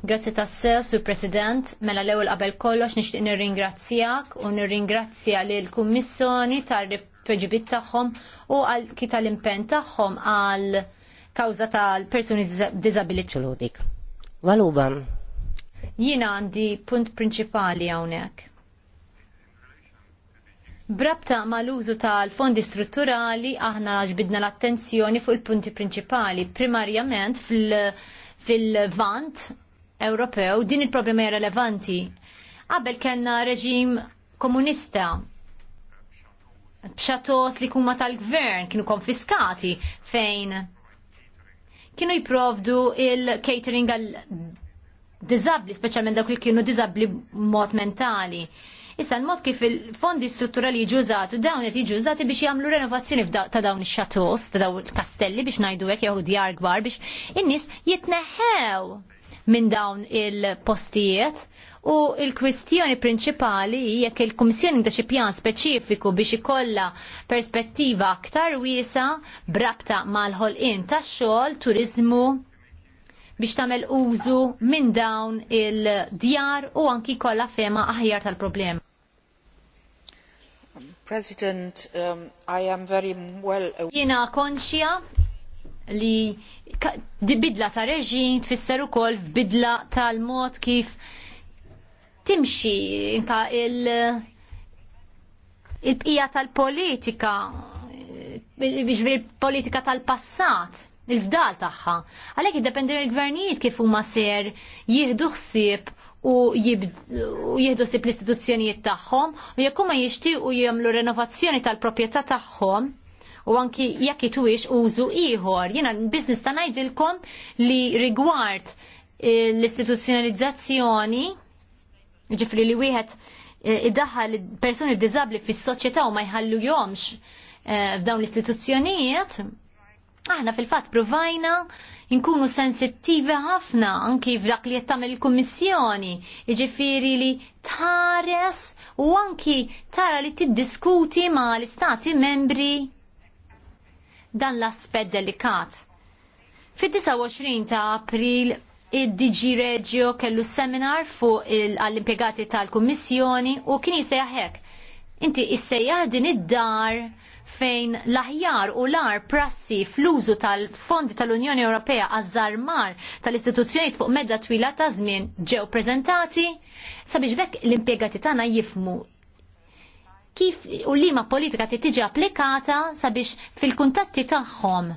Grazzi tassew, Sur President, mela l-ewwel qabel kollox nixtieq nirringrazzjak u nirringrazzja lill kummissjoni tal tweġibit tagħhom u għal kif tal-impenn tagħhom għal kawża tal-persuni diżabilità. Valuban. Jiena għandi punt prinċipali hawnhekk. Brabta mal-użu tal-fondi strutturali aħna ġbidna l-attenzjoni fuq il-punti prinċipali, primarjament fil-vant fil Ewropew din il-problema rilevanti. Qabel kellna reġim komunista bċatos li kuma tal-gvern kienu konfiskati fejn kienu jiprovdu il-catering għal dizabli, specialment dawk li kienu dizabli mod mentali Issa l-mod kif il-fondi strutturali jiġu użati dawn qed jiġu użati biex jagħmlu renovazzjoni ta' dawn ix-xatos, ta' dawn il-kastelli biex ngħidu hekk jew djar kbar biex in-nies jitneħħew minn dawn il-postijiet u il-kwistjoni prinċipali jekk il-Kummissjoni ta' xi pjan speċifiku biex ikollha perspettiva aktar wiesa brabta mal-ħolqien tax-xogħol, turiżmu, biex tagħmel użu minn dawn il-djar u anki kollha fema aħjar tal-problema. President, um, I am very well aware. Jena konxja li di bidla ta' reġim tfisser ukoll f'bidla tal-mod kif timxi inka il- il-bqija tal-politika, ġviri politika tal-passat, il-fdal tagħha. Għalhekk iddependi mill-gvernijiet kif huma ser jieħdu ħsieb u jieħdu sib l-istituzzjonijiet tagħhom u jekk huma jixtiequ jagħmlu renovazzjoni tal-proprjetà tagħhom u anki jekk itwix użu ieħor. Jiena business ta' ngħidilkom li rigward eh, l-istituzzjonalizzazzjoni ġifri li wieħed eh, iddaħħal persuni diżabli fis-soċjetà u ma jħallu jomx eh, f'dawn l-istituzzjonijiet, aħna fil-fatt provajna Inkunu sensittivi ħafna anki f'dak li qed tagħmel il-Kummissjoni, jiġifieri li tħares u anki tara li tiddiskuti ma l-istati membri dan l-aspett delikat. Fit-29 ta' April id-DG Reggio kellu seminar fuq l-impiegati tal-Kummissjoni u kien jisejjaħ Inti issejjaħ din id-dar fejn l-aħjar u l-ar prassi fl-użu tal-fondi tal-Unjoni Ewropea għaż tal-istituzzjonijiet fuq medda twila ta' żmien ġew preżentati sabiex bekk l-impjegati tagħna jifmu kif u ma politika ti tiġi applikata sabiex fil-kuntatti tagħhom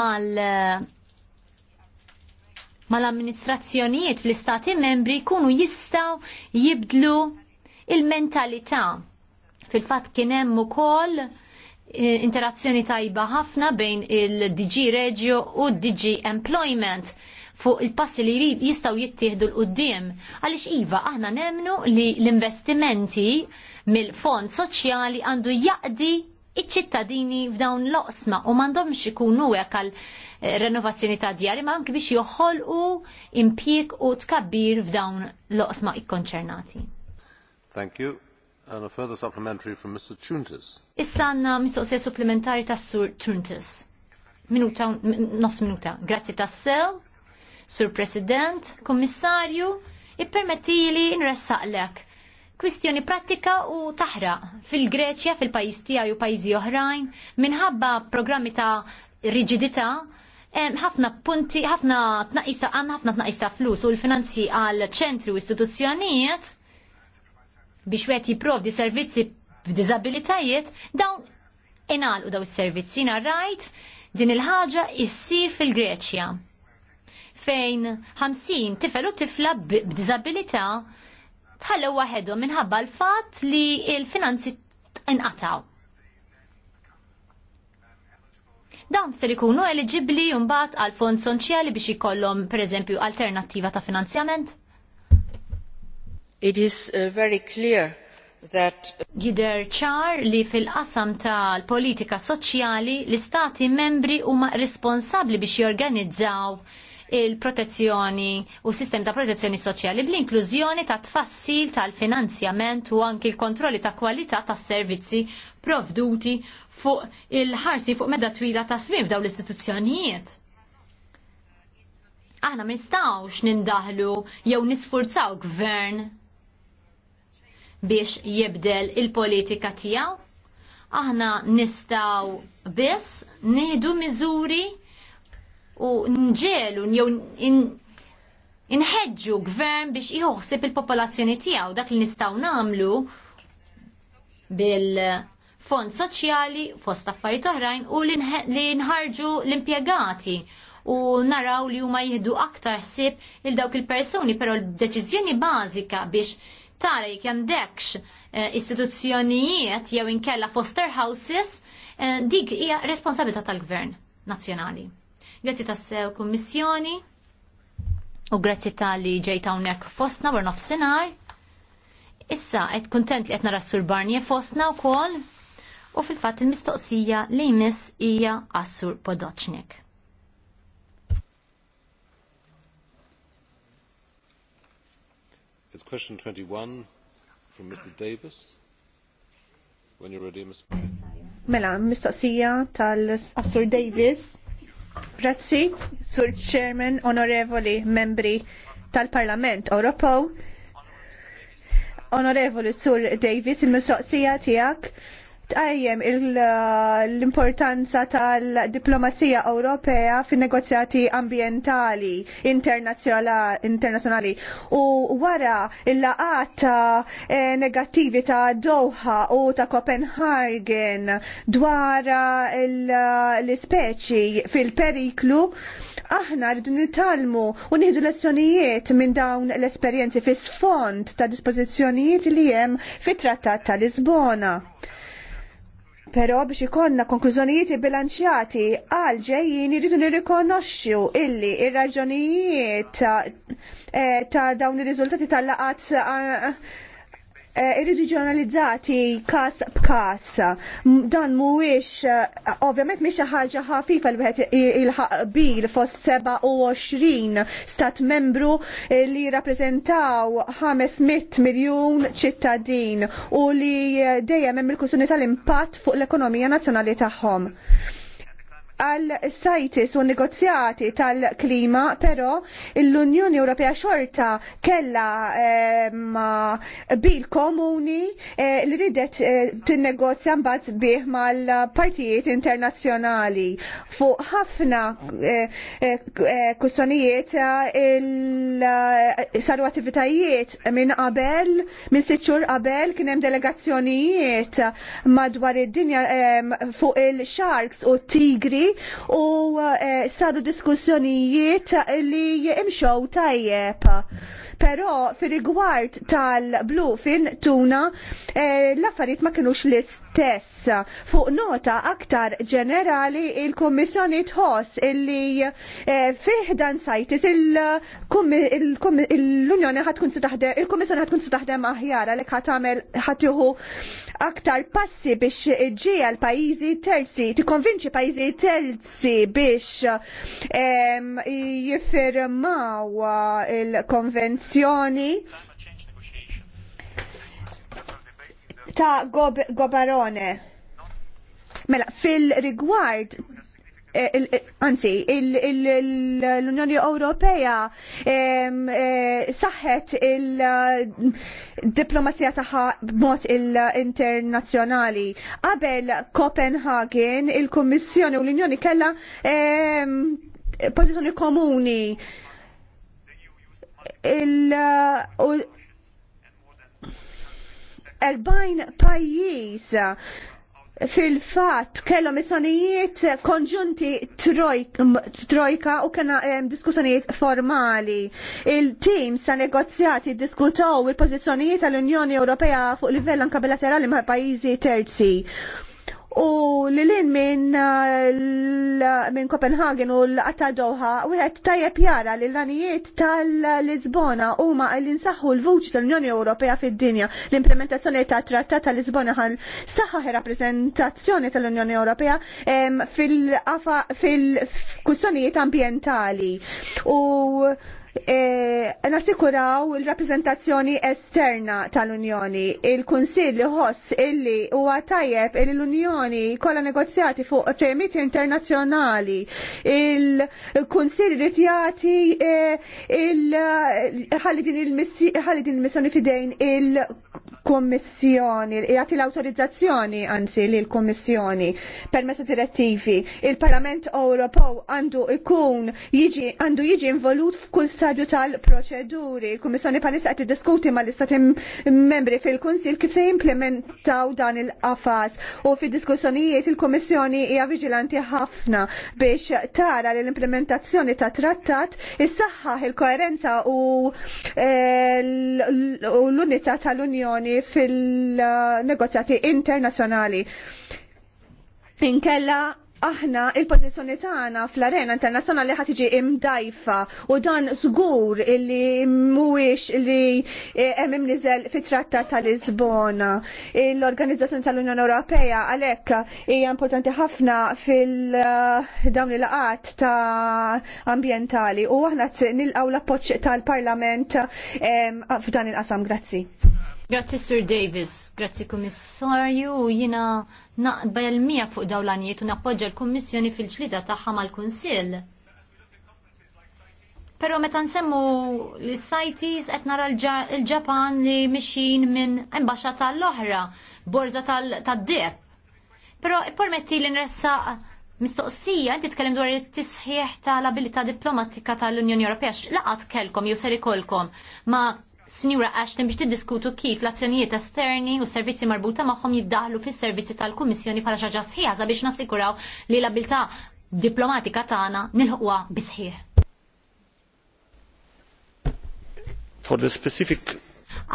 mal mal-amministrazzjonijiet fl-istati membri jkunu jistaw jibdlu il-mentalità. Fil-fat kienem u koll interazzjoni tajba ħafna bejn il-DG Regio u DG Employment fuq il-passi li jrid jistaw jittieħdu l-qoddim. Għaliex iva, aħna nemnu li l-investimenti mill-fond soċjali għandu jaqdi iċ-ċittadini f'dawn l-oqsma u m'għandhomx ikunu hekk għal eh, renovazzjoni ta' djar ma' anke biex joħolqu impjieg u tkabbir f'dawn l-oqsma ikkonċernati. Thank you and a further supplementary from Mr. Tuntis. Issa għanna mistoqsija supplementari ta' Sur Tuntis. Minuta, nofs minuta. Grazzi ta' sew, Sur President, Kommissarju, ippermettili nressaqlek. Kwistjoni pratika u taħraq fil-Greċja, fil-pajis tiegħi u pajjiżi oħrajn, minħabba programmi ta' riġidità ħafna punti, ħafna tnaqista għan ħafna tnaqista flus u l-finanzi għal ċentri u istituzzjonijiet biex wet jiprovdi servizzi b'diżabilitajiet dawn inalqu daw is-servizzi rajt din il-ħaġa issir fil-Greċja fejn 50 tifel u tifla b'diżabilità tħallew waħedhom minħabba l-fatt li l-finanzi inqataw. Dawn ser ikunu eligibli mbagħad għal fond sonċjali biex per pereżempju alternattiva ta' finanzjament? It is uh, very clear that Gider uh, ċar li fil-qasam tal-politika soċjali l-istati membri huma responsabbli biex jorganizzaw il-protezzjoni u sistem ta' protezzjoni soċjali bl-inklużjoni ta' tfassil tal-finanzjament u anki l-kontrolli ta' kwalità tas servizzi provduti fuq il-ħarsi fuq medda twila ta' swim dawn l-istituzzjonijiet. Aħna ma nistgħux nindaħlu jew nisfurzaw gvern biex jibdel il-politika tiegħu. Aħna nistgħu biss nieħdu miżuri u nġelu jew inħeġġu gvern biex jħoħsib il-popolazzjoni tiegħu dak li nistgħu nagħmlu bil-fond soċjali fost affarijiet oħrajn u li nħarġu l-impjegati u naraw li huma jieħdu aktar ħsieb il dawk il-persuni, però l-deċiżjoni bażika biex tara jekk jandekx eh, istituzzjonijiet jew inkella foster houses eh, dik hija responsabilità tal-Gvern nazzjonali. Grazzi tas-sew kummissjoni u grazzi tal-li ġejt hawnhekk fostna wara nofsinhar. Issa qed kuntent li qed nara sur Barnier fostna wkoll u fil-fatt il-mistoqsija li jmiss hija għas-sur Podoċnik. It's question 21 from Mr. Davis. When you're ready, Mr. Mela, mistoqsija tal-Assur Davis. Grazzi, Sur Chairman, Onorevoli Membri tal-Parlament Ewropew. Onorevoli Sur Davis, il-mistoqsija tijak tajjem l-importanza tal-diplomazija Ewropea fin negozjati ambientali internazzjonali u wara il-laqat eh, negattivi ta' Doha u ta' Copenhagen dwar eh, l-speċi fil-periklu aħna rridu nitalmu u nieħdu lezzjonijiet minn dawn l-esperjenzi fis-sfond ta' dispożizzjonijiet li hemm fit-Trattat ta' Lisbona. Pero biex ikonna konklużjonijiet bilanċjati għal ġejjin irridu nirrikonoxxu illi ir-raġunijiet ta', eh, ta dawn ir-riżultati tal-laqat eh, Eh, irridu ġurnalizzati kas b'kas. Dan mhuwiex eh, ovvjament mhix xi ħaġa ħafifa li wieħed ilħaq bil fost 27 stat membru li rappreżentaw 500 miljun ċittadin u li dejjem hemm il-kustuni tal-impatt fuq l-ekonomija nazzjonali tagħhom għal sajtis u negozjati tal-klima, pero l-Unjoni Ewropea xorta kella eh, bil komuni eh, li ridet eh, t-negozja mbagħad bih mal-partijiet internazzjonali fuq ħafna kustonijiet saru attivitajiet minn qabel, minn sitxur qabel kien hemm delegazzjonijiet madwar id-dinja fuq il-sharks u t tigri u eh, saru diskussjonijiet li imxow tajjeb. Però fir-rigward tal-bluefin tuna eh, l-affarijiet ma kinux l-istess. Fuq nota aktar ġenerali il-Kummissjoni tħoss illi eh, fih dan sajtis l-Unjoni ħatkun taħdem il-Kummissjoni ħatkun taħdem aħjar għalhekk ħatamel ħatiħu aktar passi biex l pajjiżi terzi, tikkonvinċi pajjiżi terzi biex ehm, jiffirmaw il-konvenzjoni il ta' Gobarone. Mela, fil-rigward eh, eh, anzi, l-Unjoni Ewropea eh, saħħet il-diplomazija taħħa b'mod internazzjonali. Qabel Copenhagen, il-Kommissjoni u l-Unjoni kella pożizzjoni komuni il- u 40 pajjiż fil-fat kellhom isonijiet konġunti trojka u kena diskussjonijiet formali. Il-tim sa negozjati diskutaw il-pożizzjonijiet tal-Unjoni Ewropea fuq livell anka bilaterali ma' pajjiżi terzi u li l-in minn min Kopenhagen u l-qatta Doha u għed tajjeb jara li l-għanijiet tal-Lisbona u ma l-insaħu l-vuċi tal-Unjoni Ewropea fid-dinja l-implementazzjoni ta' trattat tal-Lisbona għal saħħa rappresentazzjoni tal-Unjoni Ewropea fil-kussjonijiet ambientali u E, nasikuraw il-rappresentazzjoni esterna tal-Unjoni. Il-Kunsill ħoss illi huwa tajjeb illi l-Unjoni kolla negozjati fuq temiet internazzjonali. Il-Kunsill irid jagħti e, ħalli din il-missjoni fidejn il-Kommissjoni, jagħti l-awtorizzazzjoni anzi lill-Kummissjoni messa direttivi. Il-Parlament Ewropew għandu ikun jiġi għandu jiġi involut f'kull stadju tal-proċeduri. Kummissjoni palissa għati diskuti mal istati membri fil-Kunsil kif se jimplementaw dan il-qafas u fid diskussjonijiet il-Kummissjoni hija viġilanti ħafna biex tara li l-implementazzjoni ta' trattat is issaħħaħ il-koerenza eh, u l-unità tal-Unjoni fil-negozjati internazzjonali. Inkella aħna il-pozizjoni tagħna fl-arena internazzjonali ħad tiġi imdajfa u dan żgur illi mhuwiex li e, hemm imniżel fit-Trattat tal-Lisbona. L-Organizzazzjoni tal-Unjoni Ewropea għalhekk hija importanti ħafna fil-dawn il-qat ta' ambjentali u aħna nilqgħu l-appoġġ tal-Parlament f'dan il-qasam. Grazzi. Grazzi Sir Davis, grazzi Kummissarju, jina naqbel mija fuq dawlanijiet u nappoġġa l-Kummissjoni fil-ġlida tagħha mal-Kunsill. Pero meta nsemmu l-sajtis qed nara l-Ġapan li mixin minn imbaxxa tal-oħra, borza tad-deb. Però permetti li nressaq Mistoqsija, inti tkellem dwar it-tisħiħ tal-abilità diplomatika tal-Unjoni Ewropea, laqat kelkom jew ser ikolkom ma Signora Ashton biex tiddiskutu kif l-azzjonijiet esterni u servizzi marbuta magħhom jiddaħlu fis-servizzi tal-Kummissjoni bħala xaġa sħiħa biex nassikuraw li l-abilità diplomatika tagħna nilħuqha bisħieħ. For the specific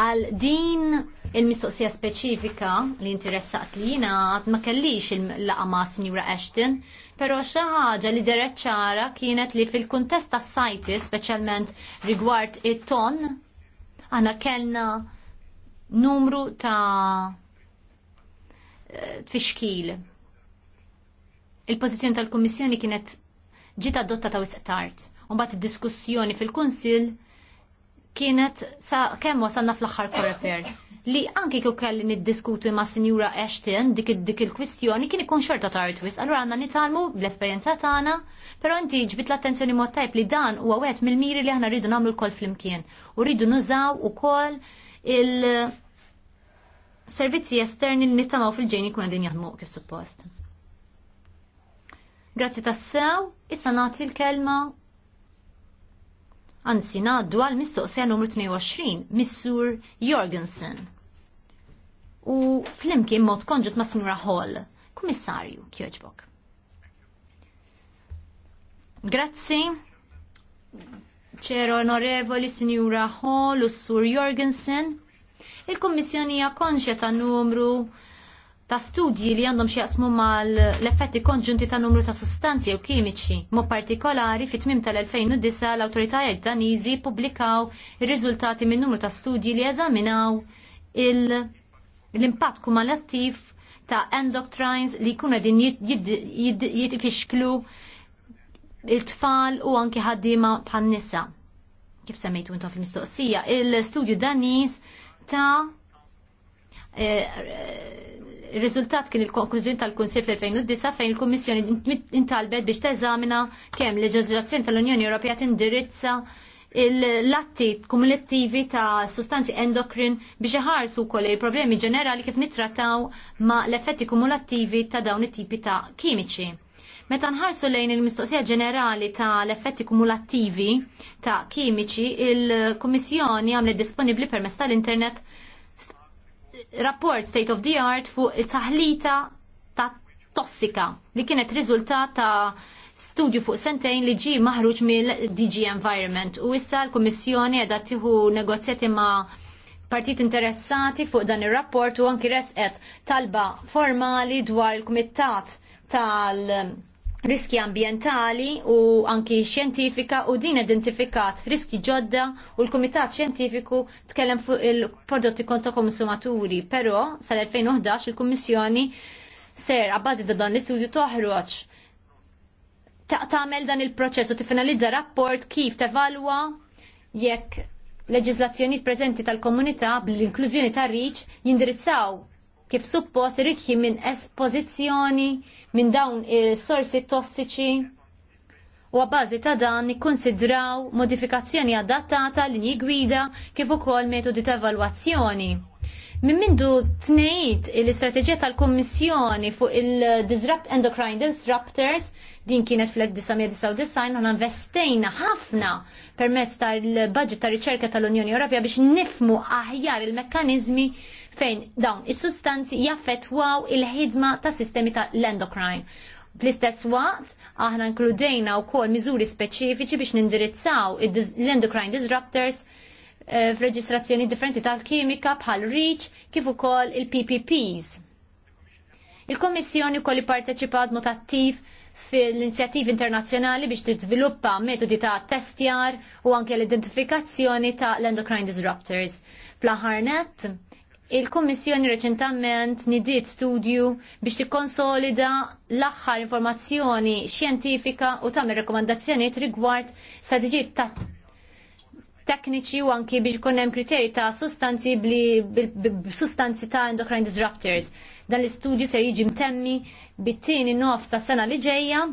għal din il-mistoqsija speċifika li interessat li jina ma kellix il-laqa ma' Sinjura Ashton, pero xi ħaġa li deret ċara kienet li fil-kuntest tas-sajti, speċjalment rigward it-ton Aħna kellna numru ta' tfixkil. Il-pożizzjoni tal-Kummissjoni kienet ġiet adotta ta' wisq tard. Mbagħad id-diskussjoni fil-Kunsill kienet sa kemm wasalna fl-aħħar koreper li anki kju kelli niddiskutu ma' Sinjura Ashton dik, dik il-kwistjoni kien ikun xorta tartwis, allura għanna nitalmu bl-esperienza tagħna, però inti ġbit l-attenzjoni mod tajb li dan huwa wet mill-miri li aħna rridu nagħmlu l-kol flimkien u rridu nużaw ukoll il- servizzi esterni li nittamaw fil-ġejni kuna din jaħdmu kif suppost. Grazzi tassew, issa nagħti l-kelma Anzi, naddu għal mistoqsija numru 22, Missur Jorgensen u flimkien mod konġut ma' Sinra Hall, Kummissarju Kjoġbok. Grazzi, ċero onorevoli Sinjura Hall u Sur Jorgensen. Il-Kommissjoni hija konxja ta' numru ta' studji li għandhom xjaqsmu mal l-effetti konġunti ta' numru ta' sustanzi u kimiċi. Mo partikolari fit tmim tal-2009 l-autoritajiet danizi publikaw il riżultati minn numru ta' studji li eżaminaw il- l-impatt kumulattiv ta' endocrines li jkunu din jitifixklu il-tfal u anki ħaddiema pan nisa. Kif semmejtu intom fil-mistoqsija, il-studju Danis ta' Il-rizultat kien il-konklużjoni tal-Kunsil fl-2009 fejn il-Kummissjoni intalbet biex teżamina kemm leġiżlazzjoni tal-Unjoni Ewropea tindirizza il-latti kumulattivi ta' sostanzi endokrin biex iħarsu wkoll il-problemi ġenerali kif nittrattaw ma' l-effetti kumulattivi ta' dawn it-tipi ta' kimiċi. Meta nħarsu lejn il-mistoqsija ġenerali ta' l-effetti kumulattivi ta' kimiċi, il-Kummissjoni għamlet disponibbli permezz tal-Internet rapport State of the Art fuq il-taħlita ta' tossika li kienet riżultat ta' studju fuq sentejn li ġi maħruġ mill-DG Environment u issa l-Kummissjoni qiegħda tieħu negozjati ma' partit interessati fuq dan ir-rapport u anki resqet talba formali dwar il-Kumitat tal- riski ambientali u anki xjentifika u din identifikat riski ġodda u l-Kumitat Xjentifiku tkellem fuq il-prodotti kontra konsumaturi, però sal-2011 il-Kummissjoni ser għabbażi da dan l-istudju toħroġ tagħmel dan il-proċess u tifinalizza rapport kif tevalwa jekk leġizlazzjoni preżenti tal-komunità bl-inklużjoni tar riċ jindirizzaw kif suppost rikħi minn espożizzjoni minn dawn il-sorsi tossiċi u għabazi ta' dan nikkonsidraw modifikazzjoni adattata linji gwida kif ukoll metodi ta' evalwazzjoni. Min mindu tnejt l-istrateġija tal-Kommissjoni fuq il-Disrupt Endocrine Disruptors Din kienet fl-1999 ħana investejna ħafna permezz tal-budget ta' riċerka tal-Unjoni Ewropea biex nifmu aħjar il-mekkanizmi fejn dawn is-sustanzi jaffetwaw il-ħidma ta' sistemi ta' l-endocrine. Fl-istess waqt, aħna inkludejna wkoll miżuri speċifiċi biex nindirizzaw l-endocrine disruptors eh, f'reġistrazzjoni differenti tal-kimika bħal REACH kif ukoll il-PPPs. Il-Kommissjoni wkoll parteċipat mod attiv fil-inizjattivi internazzjonali biex tiżviluppa metodi ta' testjar u anke l-identifikazzjoni ta' l-endocrine disruptors. Plaħarnet, il-Kommissjoni reċentament nidiet studju biex tikkonsolida l-aħħar informazzjoni xjentifika u tagħmel rekomandazzjonijiet rigward strateġijiet ta' tekniċi u anki biex ikun hemm kriterji ta' sustanzi bli sustanzi ta' endocrine disruptors. Dan l-istudju se jiġi mtemmi bit-tieni nofs ta' sena li ġejja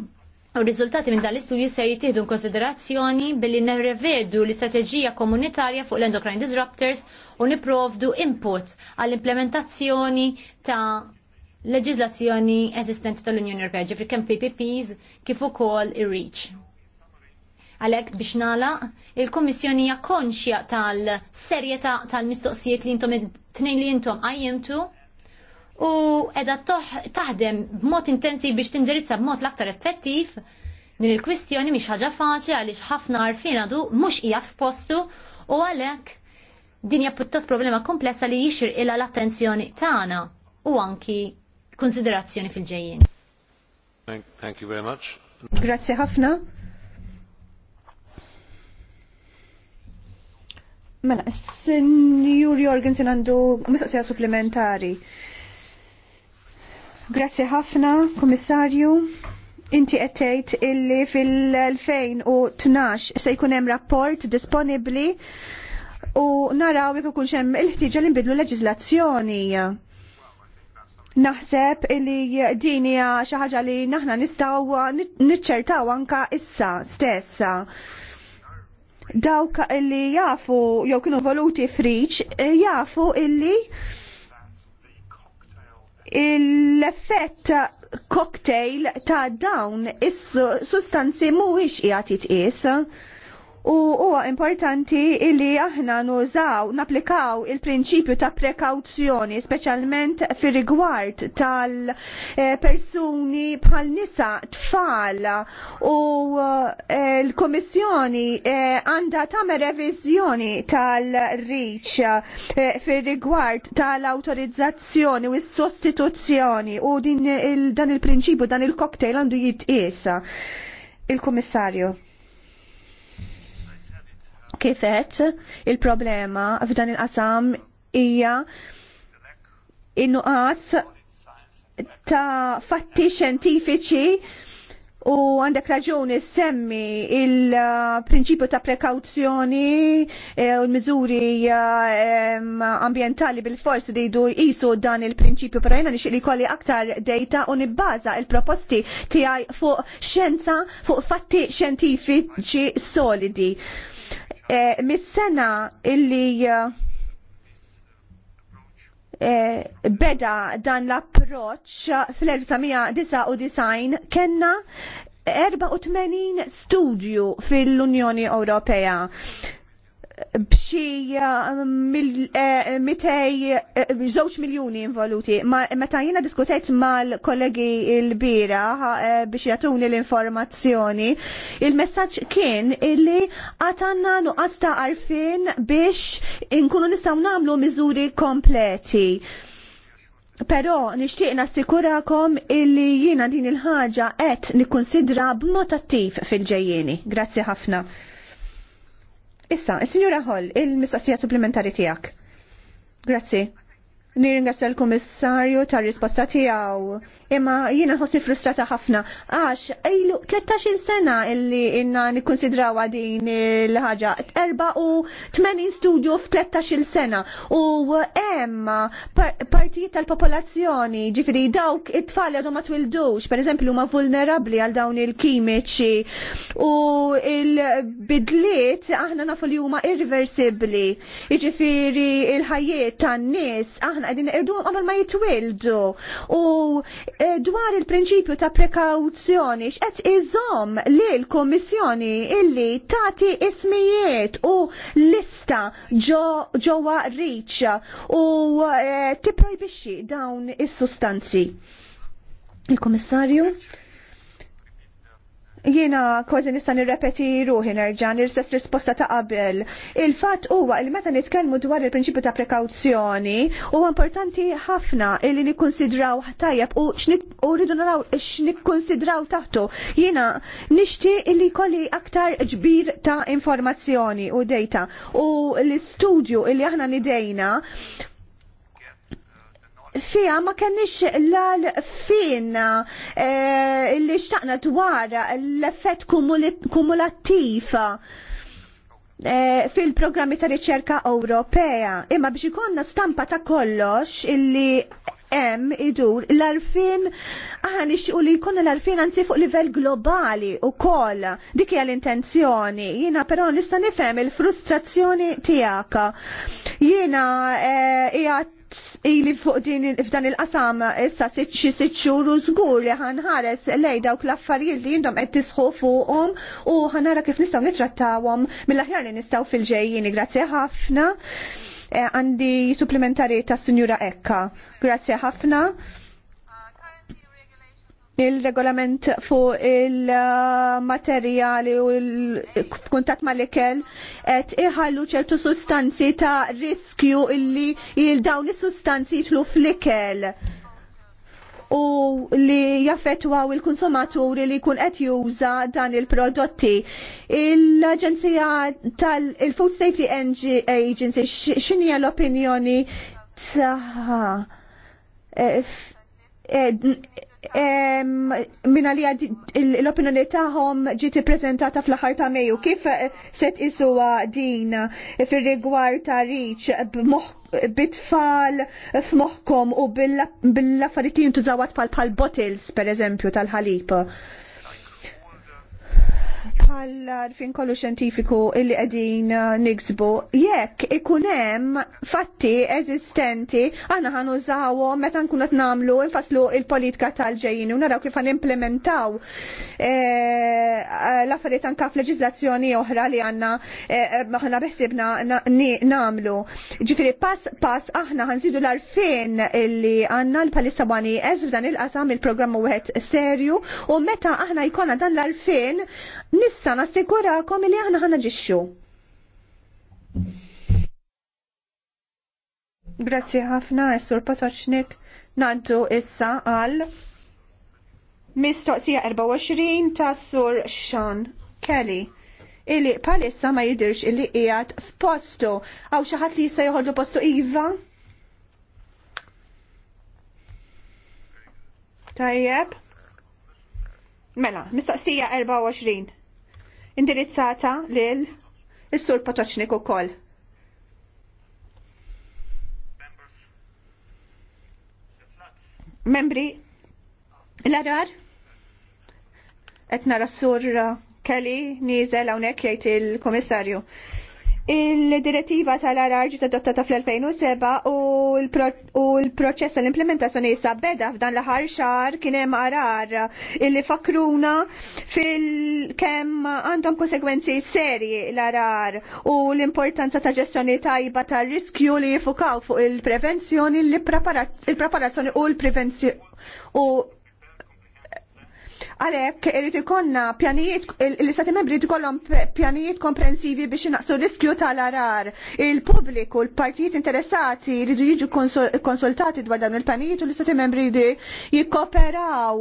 U riżultati minn dan l-istudju ser jittieħdu konsiderazzjoni billi nirrevedu l-istrateġija komunitarja fuq l-endocrine disruptors u niprovdu input għall-implementazzjoni ta' leġiżlazzjoni eżistenti tal-Unjoni Ewropea, ġifri kemm PPPs kif ukoll ir-REACH. Għalhekk biex nagħlaq, il-Kummissjoni hija konxja tal-serjetà tal-mistoqsijiet li intom tnejn li intom għajjimtu u edha taħdem b'mod intensi biex tindirizza b'mod l-aktar effettiv din il-kwistjoni mhix ħaġa faċli għaliex ħafna għarfien għadu mhux qiegħed f'postu u għalhekk din hija pjuttost problema komplessa li jixir ila l-attenzjoni tagħna u anki konsiderazzjoni fil-ġejjin. Thank you very much. Grazie ħafna. Mela, Sinjur Jorgensen għandu mistoqsija supplementari. Grazzi ħafna, Komissarju. Inti għettejt illi fil-2012 se jkun hemm rapport disponibli u naraw jekk ikun hemm il-ħtieġa li nbidlu leġiżlazzjoni. Naħseb illi din hija xi ħaġa li naħna nistgħu niċċertaw anka issa stessa. Dawk illi jafu jew kienu voluti friċ eh, jafu illi l-effett cocktail ta' dawn is-sustanzi mhuwiex qiegħed jitqies. U huwa importanti illi aħna nużaw, naplikaw il-prinċipju ta' prekawzjoni, speċjalment fir rigward tal-persuni bħal nisa tfal u eh, l-Komissjoni eh, għandha tagħmel reviżjoni tal-riċ eh, fir rigward tal-awtorizzazzjoni u s-sostituzzjoni u din il dan il-prinċipju dan il-cocktail għandu jitqies. Il-Kummissarju kifet il-problema f'dan il-qasam hija in ta' fatti xjentifiċi u għandek raġuni semmi il-prinċipju ta' prekawzjoni eh, u l-miżuri eh, ambientali bil-fors li jdu jisu dan il-prinċipju pero jena li kolli aktar data u nibbaza il-proposti tiegħi fuq xenza fuq fatti xjentifiċi solidi. Eh, mis-sena illi eh, beda dan l-approċ fl-1999 kena 84 studju fil-Unjoni Ewropea b'xi 200 eh, eh, żewġ miljuni involuti. Meta jiena diskutejt mal-kollegi l-bira eh, biex jagħtuni l-informazzjoni, il-messaġġ kien illi għatanna nuqqas ta' arfin biex inkunu nistgħu nagħmlu miżuri kompleti. Però nixtieq nassikurakom illi jiena din il-ħaġa qed nikkonsidra b'mod attiv fil-ġejjieni. Grazzi ħafna. Issa, il-Sinjura Hall, il mistaqsija supplementari tijak. Grazzi. Nirringrazzja l-Kummissarju tar risposta tiegħu imma jiena nħossni frustrata ħafna għax ilu 13 sena illi inna nikkonsidraw din l-ħaġa 84 studio f-13 sena u emma, partijiet tal-popolazzjoni ġifiri dawk it-tfal għadhom ma twildux, pereżempju huma vulnerabbli għal dawn il-kimiċi u il-bidliet aħna nafu li huma irreversibli. Ġifiri il-ħajiet tan-nies aħna qegħdin irdu għamal ma jitwildu. U Eh, dwar il-prinċipju ta' prekawzjoni x'qed iżomm lil kummissjoni illi tagħti ismijiet u lista ġewwa riċ u eh, tipprojbixxi dawn is-sustanzi. Il-Kummissarju? Jiena kważi nista' nirrepeti ruħi nerġa' nirstess risposta ta' qabel. Il-fatt huwa li meta nitkellmu dwar il-prinċipju ta' prekawzjoni huwa importanti ħafna li nikkonsidraw tajjeb u xnik u rridu naraw x'nikkonsidraw taħtu. Jiena nixtieq li jkolli aktar ġbir ta' informazzjoni u data u l-istudju li aħna nidejna fija ma kenix l-fin e, eh, li xtaqna dwar l-effett kumulattiv eh, fil-programmi ta' riċerka Ewropea. Imma biex ikonna stampa ta' kollox illi hemm idur l-arfin aħna nixtiequ li jkun l-arfin anzi fuq livell globali wkoll dik hija l-intenzjoni. Jiena però nista' nifhem il-frustrazzjoni tiegħek. Jiena eh, hija ili fuq din f'dan il-qasam issa sitxi sitxur u żgur li ħanħares lej dawk l-affarijiet li jindom qed tisħu fuqhom u ħanara kif nistgħu nittrattawhom mill-aħjar li nistgħu fil-ġejjin. Grazzi ħafna. Eh, għandi supplementari ta' Sinjura Ekka. Grazzi ħafna il-regolament fuq il-materjali u l-kuntat mal-ikel et iħallu ċertu sustanzi ta' riskju illi il-dawn is-sustanzi jitlu fl-ikel u li jaffetwaw il-konsumaturi li kun qed juża dan il-prodotti. Il-Aġenzija tal-Food Safety Agency x'inhi l-opinjoni ta' eh, eh, minna li l-opinjoni taħom ġiti prezentata fl-ħar ta' Mejju. Kif eh, set isuwa din fil-rigwar ta' riċ bitfall f'moħkom u bil laffariti jintużawat jintużaw għatfall bħal bottles, per eżempju, tal-ħalib? bħal fin kollu xentifiku illi qegħdin uh, niksbu, jekk ikun hemm fatti eżistenti aħna għan użawo meta kunat namlu nagħmlu il-politika tal-ġejjin u naraw kif implementaw eh, eh, l-affarijiet anke leġizlazzjoni oħra li għandna eh, aħna beħsibna nagħmlu. Ġifiri, pass pass aħna zidu l-arfin illi għandna l-palissa bani eżv dan il-qasam il programmu wieħed serju u meta aħna jkollna dan l-arfin nis Issa nassikurakom li aħna ħana ġixxu. Grazzi ħafna, Sur Patoċnik. Nantu issa għal mistoqsija 24 ta' Sur Sean Kelly illi palissa ma jidirx illi qiegħed f'postu għaw xi ħadd li jista' joħodlu postu iva. Tajjeb. Mela, mistoqsija 24 indirizzata lil is-sur Potoċnik ukoll. Membri, l-arar, etna rassur Kelly nizel hawnhekk jgħid il-Komissarju. Il-direttiva tal-arar ġiet adottata fl-2007 u l-proċess tal-implementazzjoni jissa beda f'dan l-aħħar xahar kien hemm arar illi fakruna fil kem għandhom konsekwenzi serji l-arar u l-importanza ta' ġestjoni tajba tar riskju li jifukaw fuq il-prevenzjoni, il-preparazzjoni u l-prevenzjoni u Għalhekk irrit ikonna pjanijiet l-istati membri irrit ikollhom pjanijiet komprensivi biex naqsu riskju tal-arar. Il-pubbliku, l-partijiet interessati jridu jiġu konsultati dwar dan il-pjanijiet u l-istati membri jridu jikkoperaw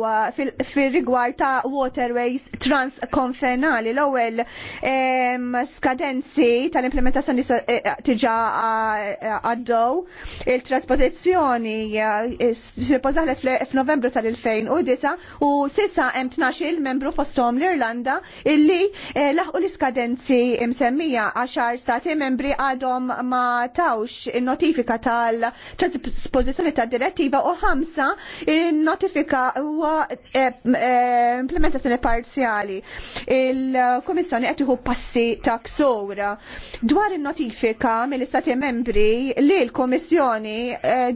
fil-rigward ta' waterways transkonfenali. L-ewwel skadenzi tal-implementazzjoni eh, tiġa eh, għaddew il eh, si suppożaħlet f'Novembru tal-2009 u sissa hemm hemm tnax-il membru fosthom l-Irlanda illi eh, laħqu l-iskadenzi msemmija għaxar stati membri għadhom ma tawx in-notifika tal-trasposizzjoni tad-direttiva u ħamsa il eh, notifika huwa eh, implementazzjoni parzjali. Il-Kummissjoni qed passi ta' ksura. Dwar in-notifika mill-istati membri li l komissjoni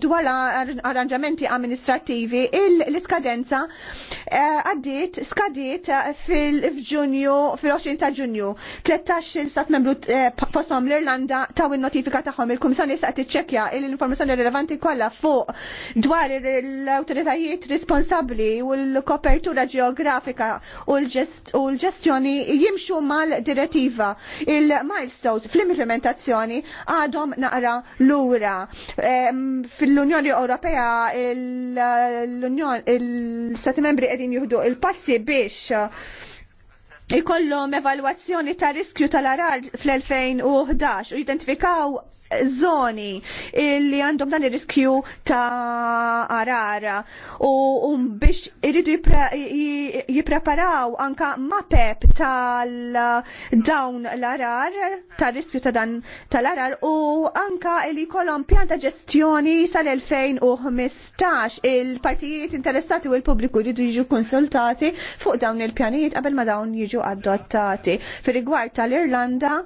dwar arranġamenti amministrativi l-iskadenza għaddi skadiet, skadiet eh, fil-ġunju, fil-20 ta' ġunju. 13 sat membru eh, postom l-Irlanda ta' il notifika tagħhom il komissjoni sa' t-ċekja il informazzjoni rilevanti kollha fuq dwar l-awtoritajiet responsabbli u l-kopertura ġeografika u l-ġestjoni jimxu mal-direttiva. Il-milestones fl-implementazzjoni għadhom naqra lura. Fil-Unjoni Ewropea l-Unjoni l-Stati membri qegħdin jieħdu il-pass passi biex ikollhom evalwazzjoni ta' riskju tal-arar fl-2011 u identifikaw zoni li għandhom dan ir-riskju ta' arar u biex iridu jippreparaw anka mapep tal-dawn l-arar tar riskju ta' dan tal-arar u anka li jkollhom pjan ta' ġestjoni sal-2015 il-partijiet interessati u l-pubbliku jridu jiġu konsultati fuq dawn il-pjanijiet qabel ma dawn jiġu adottati. Fi rigward tal-Irlanda,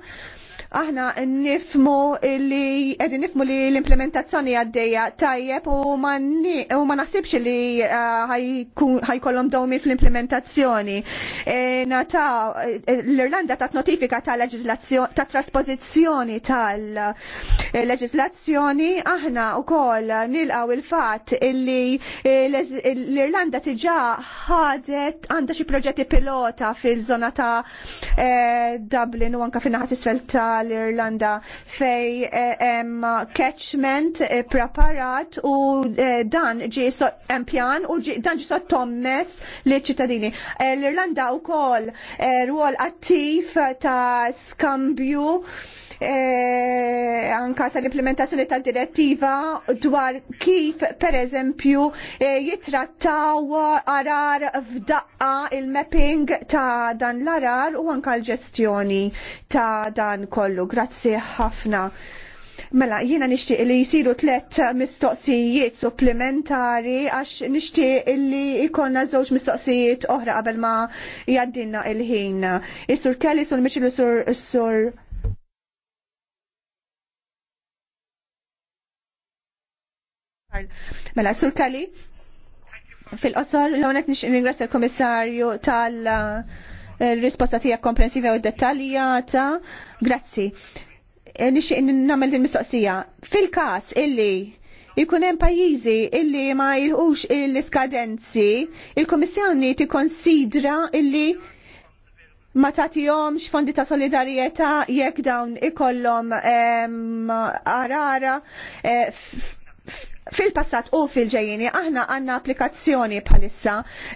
aħna nifmu li edin nifmu li l-implementazzjoni għaddeja tajjeb u ma naħsibx li eh, ħajkollhom dawmi fl-implementazzjoni. Eh, eh, L-Irlanda tat notifika ta' ta' trasposizzjoni tal-leġislazzjoni aħna u koll nilqaw il-fat li l-Irlanda tiġa ħadet għanda xi proġetti pilota fil-zona ta' Dublin u anka fin-naħat isfel ta' l irlanda fej hemm eh, catchment eh, preparat u eh, dan ġi empjan u dan ġi sottommess li ċittadini. L-Irlanda wkoll rwol attiv ta' skambju E, anka tal-implementazzjoni tal direttiva dwar kif per eżempju e, jitrattaw arar f'daqqa il-mapping ta' dan l-arar u anka l-ġestjoni ta' dan kollu. Grazzi ħafna. Mela, jiena nixtieq li jsiru tliet mistoqsijiet supplementari għax nixtieq li jkollna żewġ mistoqsijiet oħra qabel ma jaddinna il-ħin. Is-sur Kelly, sur Miċilu, sur, sur Mela, Sur Kali, fil-qosor, l-għonet nix ringrazja l-Komissarju tal- eh, risposta tija komprensiva u dettaljata. Grazzi. Eh, nix namel din mistoqsija. Fil-kas illi ikun hemm pajjiżi illi ma jilħux l-iskadenzi, il-Kummissjoni tikkonsidra illi ma tagħtihomx fondi ta' solidarjetà jekk dawn ikollhom arara eh, fil-passat u fil-ġejjini aħna għanna applikazzjoni bħalissa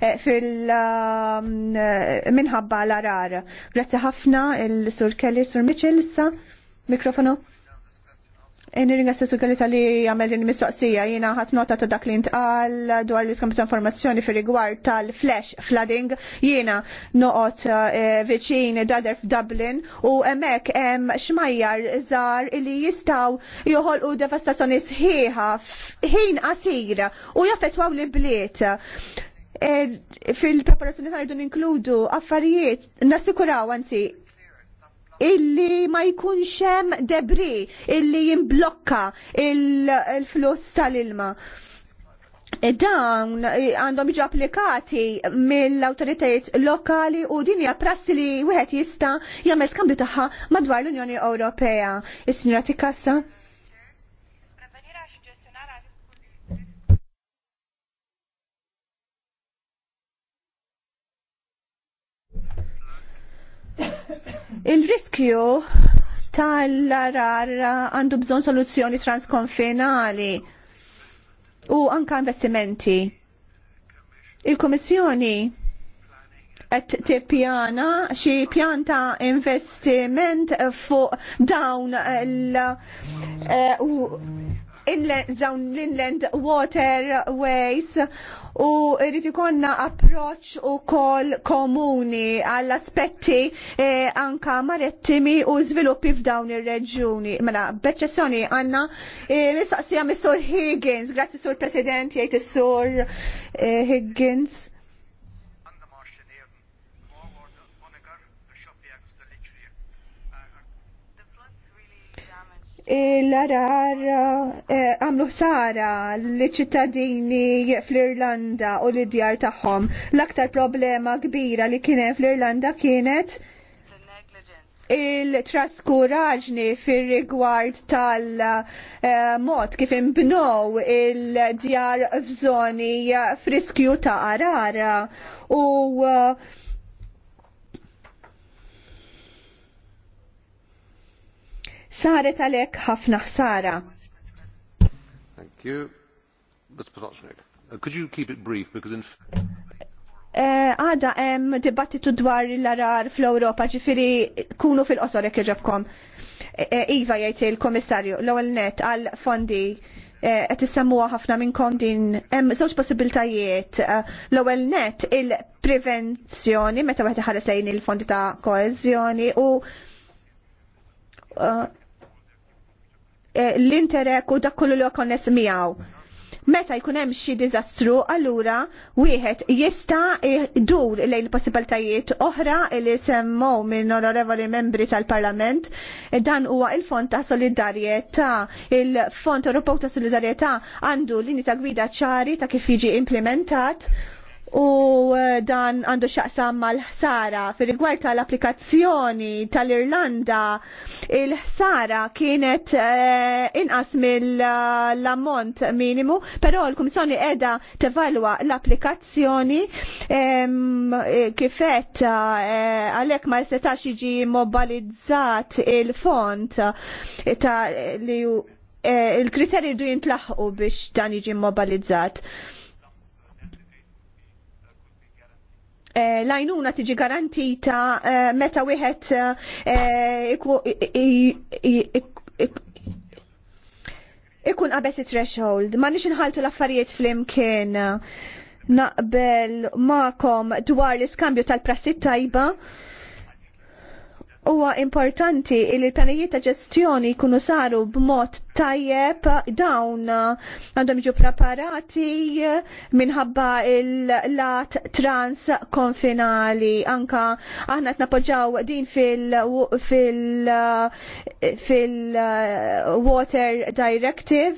eh, fil- um, eh, minħabba l-arar. Grazzi ħafna il-Sur Kelly, Sur Mitchell issa. Mikrofonu. Eh, Nirringrazzja su għalita li għamel din mistoqsija jina ħat nota ta' dak li ntqal dwar li skamta informazzjoni fir rigward tal-flash flooding jina noqot eh, viċin dader f'Dublin u emek em xmajjar zar li jistaw joħolqu devastazzjoni sħiħa ħin qasir u jaffetwaw li bliet. Eh, fil-preparazzjoni tal dun inkludu affarijiet nassikuraw għanzi illi ma jkunx hemm debri illi jimblokka il-fluss tal-ilma e dawn e, għandhom iġu applikati mill-autoritajiet lokali u din hija prassi li wieħed jista' jagħmel skambju tagħha madwar l-Unjoni Ewropea. Is-Sinjora Tikassa? Il-riskju tal-arar għandu bżon soluzzjoni transkonfinali u anka investimenti. Il-Komissjoni qed tippjana xi pjan ta' investiment fuq dawn l eh, dawn l-inland waterways u rrid ikonna approċ u kol komuni għall aspetti e, anka marittimi u żviluppi f'dawn ir-reġjuni. Mela, b'eċċessjoni għandna eh, mistaqsija mis-Sur Higgins, grazzi Sur President, jgħid is-Sur e, Higgins. l-arar eh, għamlu sara li ċittadini fl-Irlanda u li djar tagħhom. L-aktar problema kbira li kienet fl-Irlanda kienet il-traskuraġni fir rigward tal-mod eh, kif imbnow il-djar f'żoni friskju ta' arara u uh, saret għalhekk ħafna ħsara. Thank you. Mr. Potocznik, uh, could you keep it brief because in eh, Għada e, hemm dibattitu dwar l-arar fl-Ewropa ġifiri kunu fil-qosor jekk ġabkom. E, eh, eh, iva jgħid il-Komissarju l-ewwel net għal fondi qed issemmuha ħafna minnkom din hemm żewġ possibiltajiet. L-ewwel net il-prevenzjoni meta wieħed iħares lejn il-fondi ta' koeżjoni u Eh, l-interek u dak kollu li konness miegħu. Meta jkun hemm xi diżastru, allura wieħed jista' dur lejn possibiltajiet oħra li semmow minn onorevoli membri tal-Parlament. Dan huwa il-Fond ta' Solidarjetà, il-Fond Europew ta' Solidarjetà għandu linji ta' gwida ċari ta' kif jiġi implementat u eh, dan għandu xaqsam mal-ħsara. fir rigward tal-applikazzjoni tal-Irlanda, il-ħsara kienet eh, inqas mill-ammont minimu, però l-Kummissjoni edha tevalwa l-applikazzjoni eh, kifet għalhekk ma setax jiġi mobilizzat il-font ta' li eh, il-kriterji du jintlaħqu biex dan jiġi mobilizzat. Eh, lajnuna tiġi garantita eh, meta wieħed eh, ikun qabes it-threshold. Ma nix nħaltu l-affarijiet flimkien naqbel ma'kom dwar l-iskambju tal-prassit tajba Huwa importanti li l-pjanijiet ta' ġestjoni kunu saru b'mod tajjeb dawn għandhom jiġu preparati minħabba il-lat trans konfinali anka aħna qed napoġġaw din fil water fil fil water directive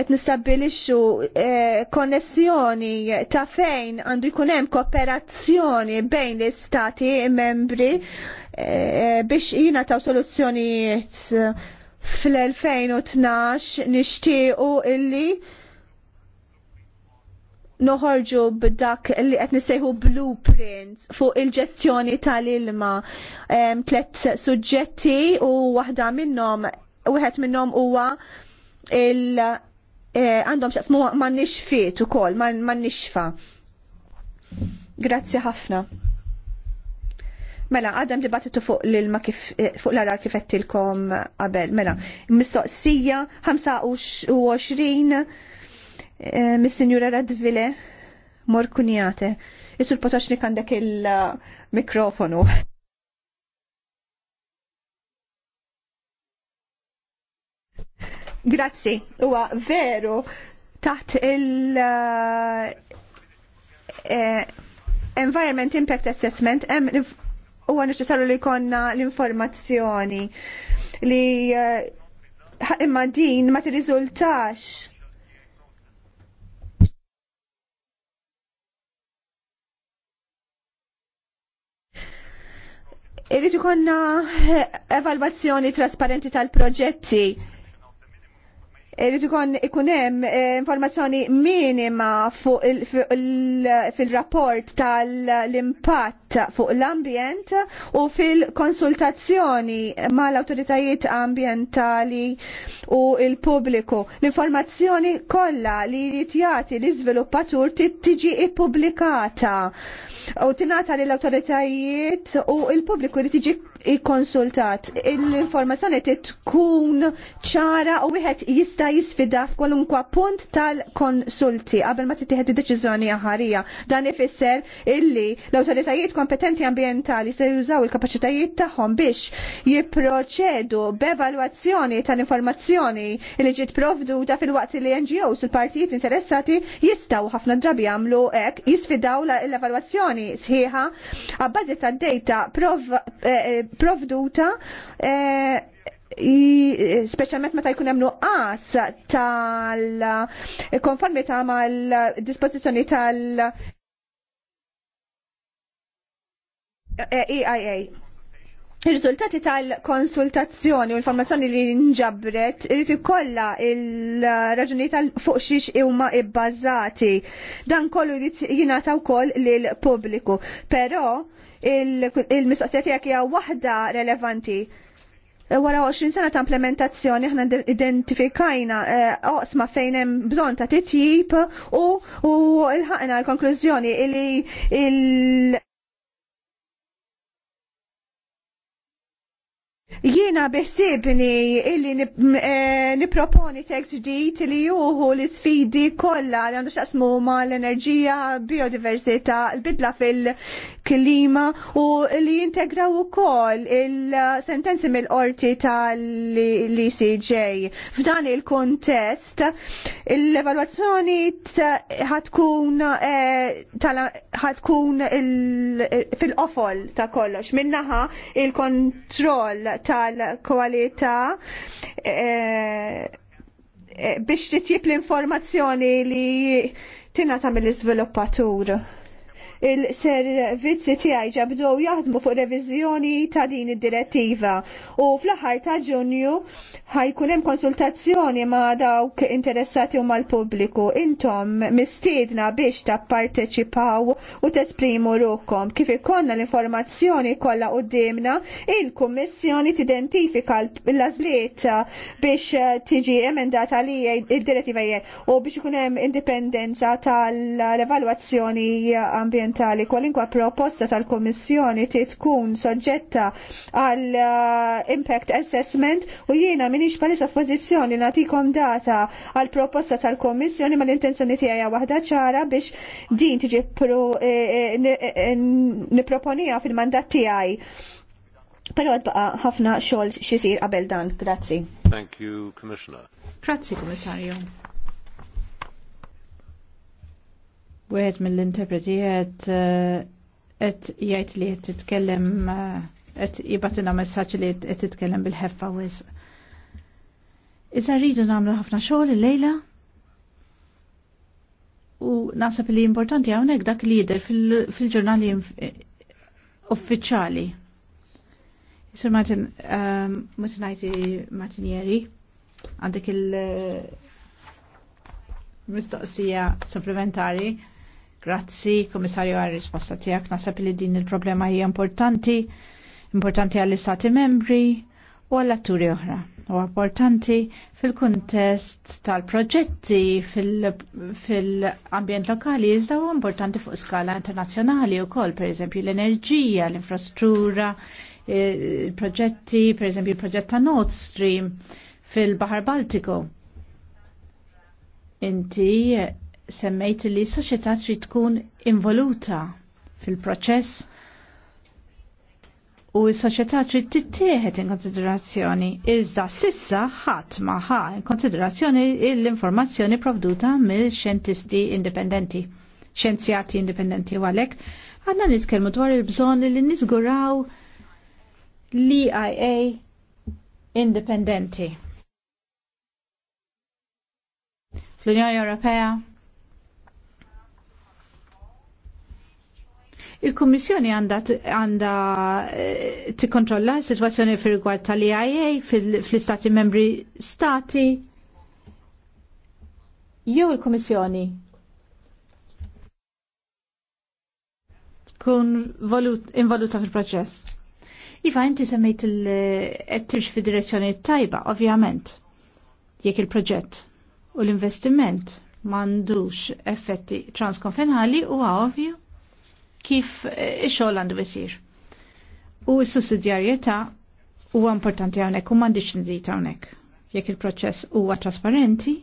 qed nistabbilixxu eh, konnessjoni ta' fejn għandu jkun hemm kooperazzjoni bejn l-istati membri Eh, biex jina taw soluzzjonijiet eh, fl-2012 nishtiqu illi noħorġu b'dak li qed nissejħu blueprints fuq il-ġestjoni tal-ilma tliet suġġetti u waħda minnhom wieħed minnhom huwa il eh, għandhom xaqsmu ma' nixfiet ukoll ma' nixfa. Grazzi ħafna. Mela, għadem dibattitu fuq l-ilma kif eh, fuq l-arar kif għettilkom qabel. Mela, mistoqsija 25 mis senjura Radvile Morkunjate. Isur potaxni għandek il-mikrofonu. Grazzi, huwa veru taħt il- uh, Environment Impact Assessment hemm huwa neċessarju li jkollna l-informazzjoni li eh, imma din ma tirriżultax Irid ikonna evalwazzjoni trasparenti tal-proġetti Irrid ikun hemm eh, informazzjoni minima fuq fil-rapport tal-impatt fuq l-ambjent u fil-konsultazzjoni mal-awtoritajiet ambjentali u l-pubbliku. L-informazzjoni kollha li jrid jagħti l-iżviluppatur tiġi ippubblikata u tingħata lill-awtoritajiet u l-pubbliku jrid tiġi ikkonsultat. L-informazzjoni tkun ċara u wieħed jista' jisfida f'kwalunkwa punt tal-konsulti qabel ma tittieħed id-deċiżjoni aħarija. Dan ifisser illi l-awtoritajiet kompetenti ambjentali se jużaw il-kapaċitajiet tagħhom biex jipproċedu b'evalwazzjoni tal-informazzjoni li ġiet provduta fil-waqt li NGOs u l-partijiet interessati jistgħu ħafna drabi jagħmlu hekk jisfidaw l-evalwazzjoni sħiħa għabbażi tad-data prov eh, provduta eh, specialment meta jkun hemm nuqqas tal-konformità eh, mal-dispożizzjoni tal- EIA. Eh, e Il-rizultati tal-konsultazzjoni u l-informazzjoni li nġabret irrid ikollha il-raġuni tal-fuq xiex huma ibbażati. Dan kollu jrid jingħata wkoll lill pubbliku. Però il-mistoqsija tiegħek hija waħda relevanti. Eh, wara 20 sena ta' implementazzjoni aħna identifikajna eh, oqsma fejn hemm bżonn ta' titjib u l-ħaqna l-konklużjoni li il- Jiena besibni illi eh, niproponi tekst ġdid li juhu l isfidi kollha li għandu xaqsmu ma l-enerġija, biodiversità, l-bidla fil-klima u li jintegraw ukoll il-sentenzi mill-qorti tal-ECJ. F'dan il-kontest l-evalwazzjoni ħatkun eh, ħatkun fil-qofol ta' kollox. Minnaħa il-kontroll ta' tal kwalità eh, eh, biex titjib l-informazzjoni li tingħata mill-iżviluppatur il-servizzi tiegħi bdew jaħdmu fuq reviżjoni ta' din id-direttiva u fl-aħħar ta' Ġunju ħajkun hemm konsultazzjoni ma' dawk interessati u mal-pubbliku. Intom mistiedna biex tapparteċipaw u tesprimu ruhkom. Kif ikonna l-informazzjoni kollha qudiemna, il-Kummissjoni tidentifika l-għażliet biex tiġi emendata li id-direttiva u biex ikun hemm indipendenza tal-evalwazzjoni ambjentali ambientali. Kwalinkwa proposta tal-Komissjoni ti tkun soġġetta għal eh, impact assessment u jiena minix palisa f-pozizjoni natikom data għal proposta tal-Komissjoni ma l-intenzjoni tiegħi waħda ċara biex din tiġi eh, eh, niproponija fil-mandat tiegħi. Pero għad baqa ħafna xogħol xisir qabel dan. Grazzi. Thank you, Commissioner. Grazzi, Komissarju. Wieħed mill-interpreti qed eh, qed jgħid li qed titkellem eh, qed jibatilna messaġġ li qed titkellem bil-ħeffa wisq. Iżda rridu nagħmlu ħafna xogħol lejla. u naħseb li importanti hawnhekk dak li jidher fil-ġurnali uffiċjali. Sir Martin, eh, Martin għajti Martinieri, għandek il- mistoqsija supplementari Grazzi, komissarju għal risposta tijak. Nasab li din il-problema hija importanti, importanti għall istati membri u għall atturi oħra. U importanti fil-kontest tal-proġetti fil-ambjent fil lokali iżda u importanti fuq skala internazzjonali u kol, per eżempju l-enerġija, l-infrastruttura, il-proġetti, per eżempju il-proġett ta' Nord Stream fil-Bahar Baltiku. Inti semmejt li s-soċjetà trid tkun involuta fil-proċess u s-soċjetà trid tittieħed in konsiderazzjoni iżda sissa ħadd ma ħa in konsiderazzjoni l-informazzjoni provduta mill-xjentisti indipendenti, xjenzjati indipendenti u għalhekk għandna nitkellmu dwar il-bżonn li niżguraw l-EIA indipendenti. Fl-Unjoni Ewropea Il-Kummissjoni għandha eh, tikkontrolla s-sitwazzjoni fir rigward tal-IIA fl-Istati membri stati jew il-Kummissjoni Kun involuta fil-proċess. Iva, inti semmejt il-ettirx fi direzzjoni tajba, ovvjament, jekk il-proġett u l-investiment mandux effetti transkonfenali u għavju kif eh, ix-xogħol għandu jsir. U s-sussidjarjetà huwa importanti hawnhekk u m'għandix nżid hawnhekk. Jekk il-proċess huwa trasparenti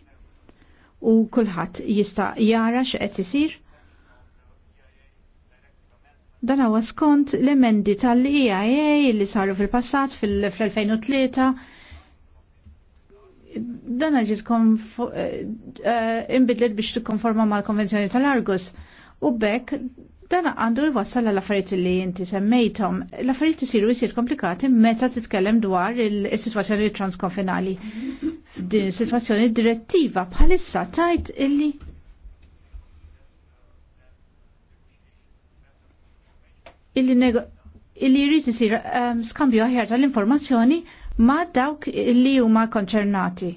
u kulħadd jista' jara x'qed isir, dan huwa skont l-emendi tal-EIA li saru fil-passat fil-2003 dan ġiet eh, eh, imbidlet biex tikkonforma mal-konvenzjoni tal-Argus u bekk Dan għandu jwassal l affarijiet li inti semmejtom. L-affarijiet isiru jisir komplikati meta titkellem dwar il-situazzjoni transkonfinali. Din situazzjoni direttiva bħalissa tajt illi illi illi jrid isir um, skambju aħjar tal-informazzjoni ma' dawk illi huma konċernati.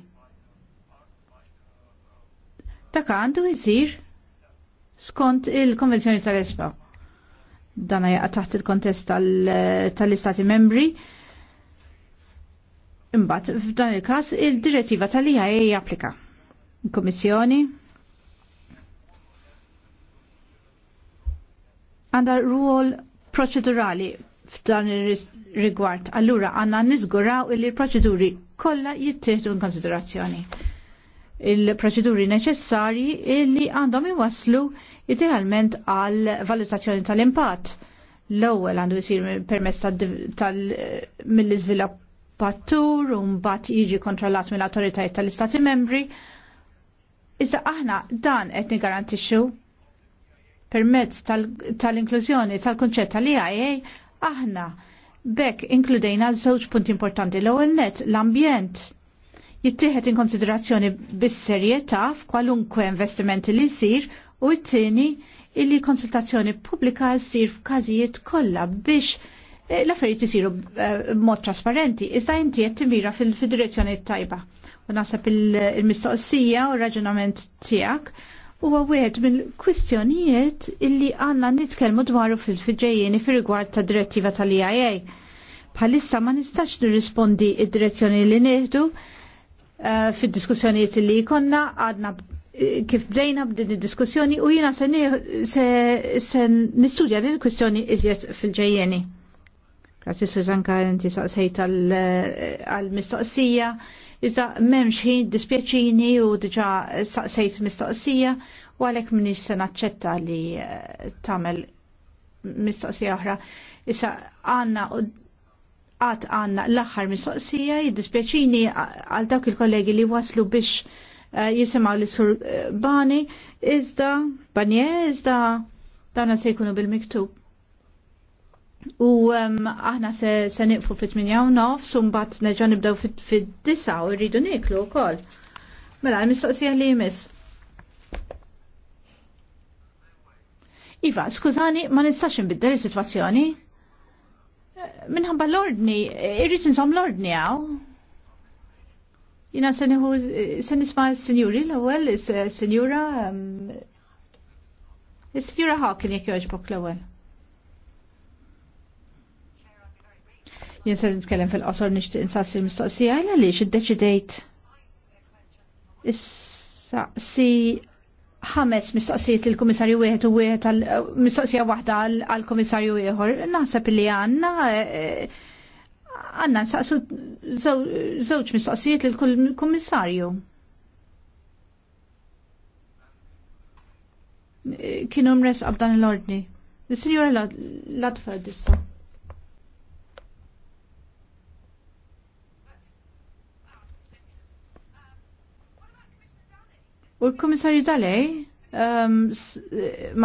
Dak għandu jisir skont il-Konvenzjoni tal-Espa. Dana jaqa taħt il-kontest tal-Istati membri. Imbat, f'dan il-kas, il-direttiva tal-IA japplika. Komissjoni. Għanda ruol proċedurali f'dan il-rigward. Allura, għanna nizguraw il-proċeduri kolla jittieħdu in konsiderazzjoni il-proċeduri neċessarji illi għandhom iwaslu idealment għal valutazzjoni tal-impatt. L-ewwel għandu jsir permess eh, mill-iżviluppatur u mbagħad jiġi kontrollat mill-awtoritajiet tal-Istati membri. Issa aħna dan qed nigarantixxu permezz tal-inklużjoni tal-kunċett tal-IA aħna Bekk inkludejna żewġ punti importanti l-ewwel net l-ambjent jittieħed in konsiderazzjoni bis-serjetà f'kwalunkwe investimenti li jsir u t-tieni illi konsultazzjoni pubblika ssir f'każijiet kollha biex eh, l-affarijiet isiru eh, mod trasparenti, iżda inti qed timira fil-direzzjoni tajba. U nasab il-mistoqsija u raġunament tiegħek huwa wieħed mill-kwistjonijiet illi għandna nitkellmu dwaru fil-fiġejjieni fir-rigward ta' direttiva tal-IAA. Bħalissa ma nistax nirrispondi id-direzzjoni li nieħdu eh, fid-diskussjonijiet illi jkollna għadna kif bdejna b'din id-diskussjoni u jina se, se, nistudja din il-kwistjoni iżjed fil-ġejjeni. Grazzi Susanka, inti saqsejt għal-mistoqsija. Iżda memx ħin dispjaċini u diġa saqsejt mistoqsija u għalek minix se naċċetta li eh, tamel mistoqsija oħra. Issa għanna għat għanna l-axar mistoqsija jiddispjaċini għal dawk il-kollegi li waslu biex Eh, jisimaw li sur eh, bani, iżda, banje, iżda, dana se jkunu bil-miktub. U um, aħna se, se niqfu fit-8 u nof, un bat neġa nibdew fit disa u rridu niklu u Mela, mistoqsija li jmiss. Iva, skużani, ma nistax nbiddel is-sitwazzjoni. Eh, minħabba l-ordni, irrid nżomm l-ordni għaw. Jina se nisma s-senjuri l-ewel, s-senjura. Um, s-senjura ħakin jek joġbok l-ewel. Jien se nitkellem fil-qosor nixtieq insassi l-mistoqsija x-deċidejt. iddeċidejt issaqsi ħames mistoqsijiet il komissarju wieħed u wieħed mistoqsija waħda għall komissarju ieħor. Naħseb li għandna eh, għanna nsaqsu żewġ mistoqsijiet kull kummissarju Kienu mres dan l-ordni. Is-Sinjora Latfa issa. U l kommissarju Dalej, um,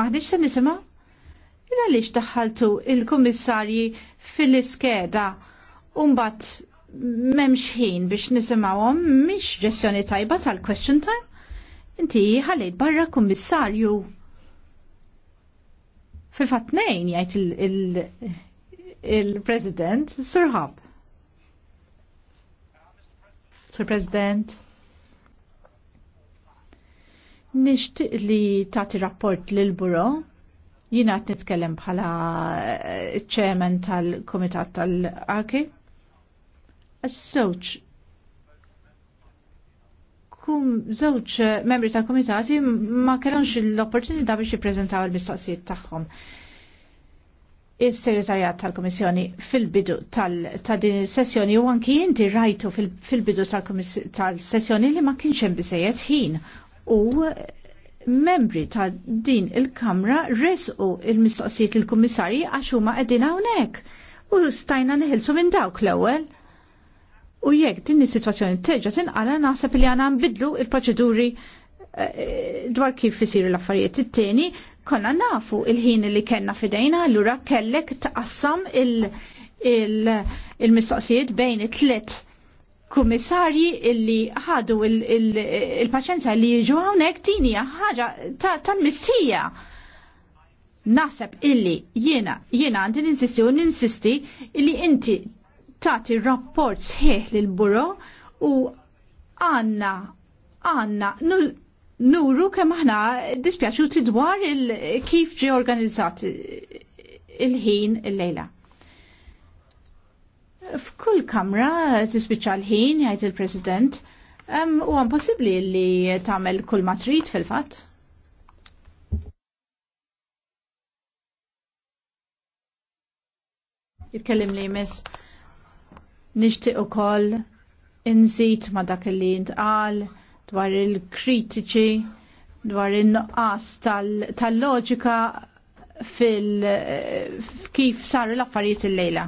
maħdix se nisema? Il għalix daħħaltu il kommissarji fil-iskeda Umbat memx ħin biex nisimawom, mhix ġessjoni tajba tal-question time. Inti ħalejt barra kummissarju. Fil-fatt nejn jgħid il-President il, il Sir President. Nixtieq li tagħti rapport lil buro jina għat nitkellem bħala ċemen eh, tal-Komitat tal-Arki. Għaż-żewġ kum żewġ eh, membri tal-komitati ma kellhomx l-opportunità biex jippreżentaw il-mistoqsijiet tagħhom is segretarjat tal-Komissjoni fil-bidu tal-din il-sessjoni u anki inti rajtu fil-bidu tal-sessjoni li ma kienx hemm biżejjed ħin u membri ta' din il-Kamra resqu il-mistoqsijiet il-Kummissarji għax huma qegħdin hawnhekk u stajna niħilsu minn dawk l-ewwel. U jekk din is-sitwazzjoni terġa' tinqala naħseb li għandna nbidlu il-proċeduri eh, dwar kif isiru l-affarijiet. It-tieni konna nafu il-ħin li kellna fidejna allura kellek taqassam il-mistoqsijiet bejn it tlet kummissarji illi ħadu il-paċenza li jiġu hawnhekk din hija ħaġa tal-mistija naħseb illi jiena jiena għandi ninsisti u ninsisti illi inti tagħti rapport sħiħ lil buro u għanna għanna nuru kemm aħna dispjaċuti dwar kif ġie organizzat il-ħin il-lejla. F'kull kamra tispiċċa l-ħin, jgħid il-President, u għan possibli li tagħmel kull ma trid fil-fatt. Jitkellim li jmiss. Nixtieq ukoll inżit ma dak li jintqal dwar il-kritiċi dwar in-nuqqas tal-loġika fil kif saru l-affarijiet il-lejla.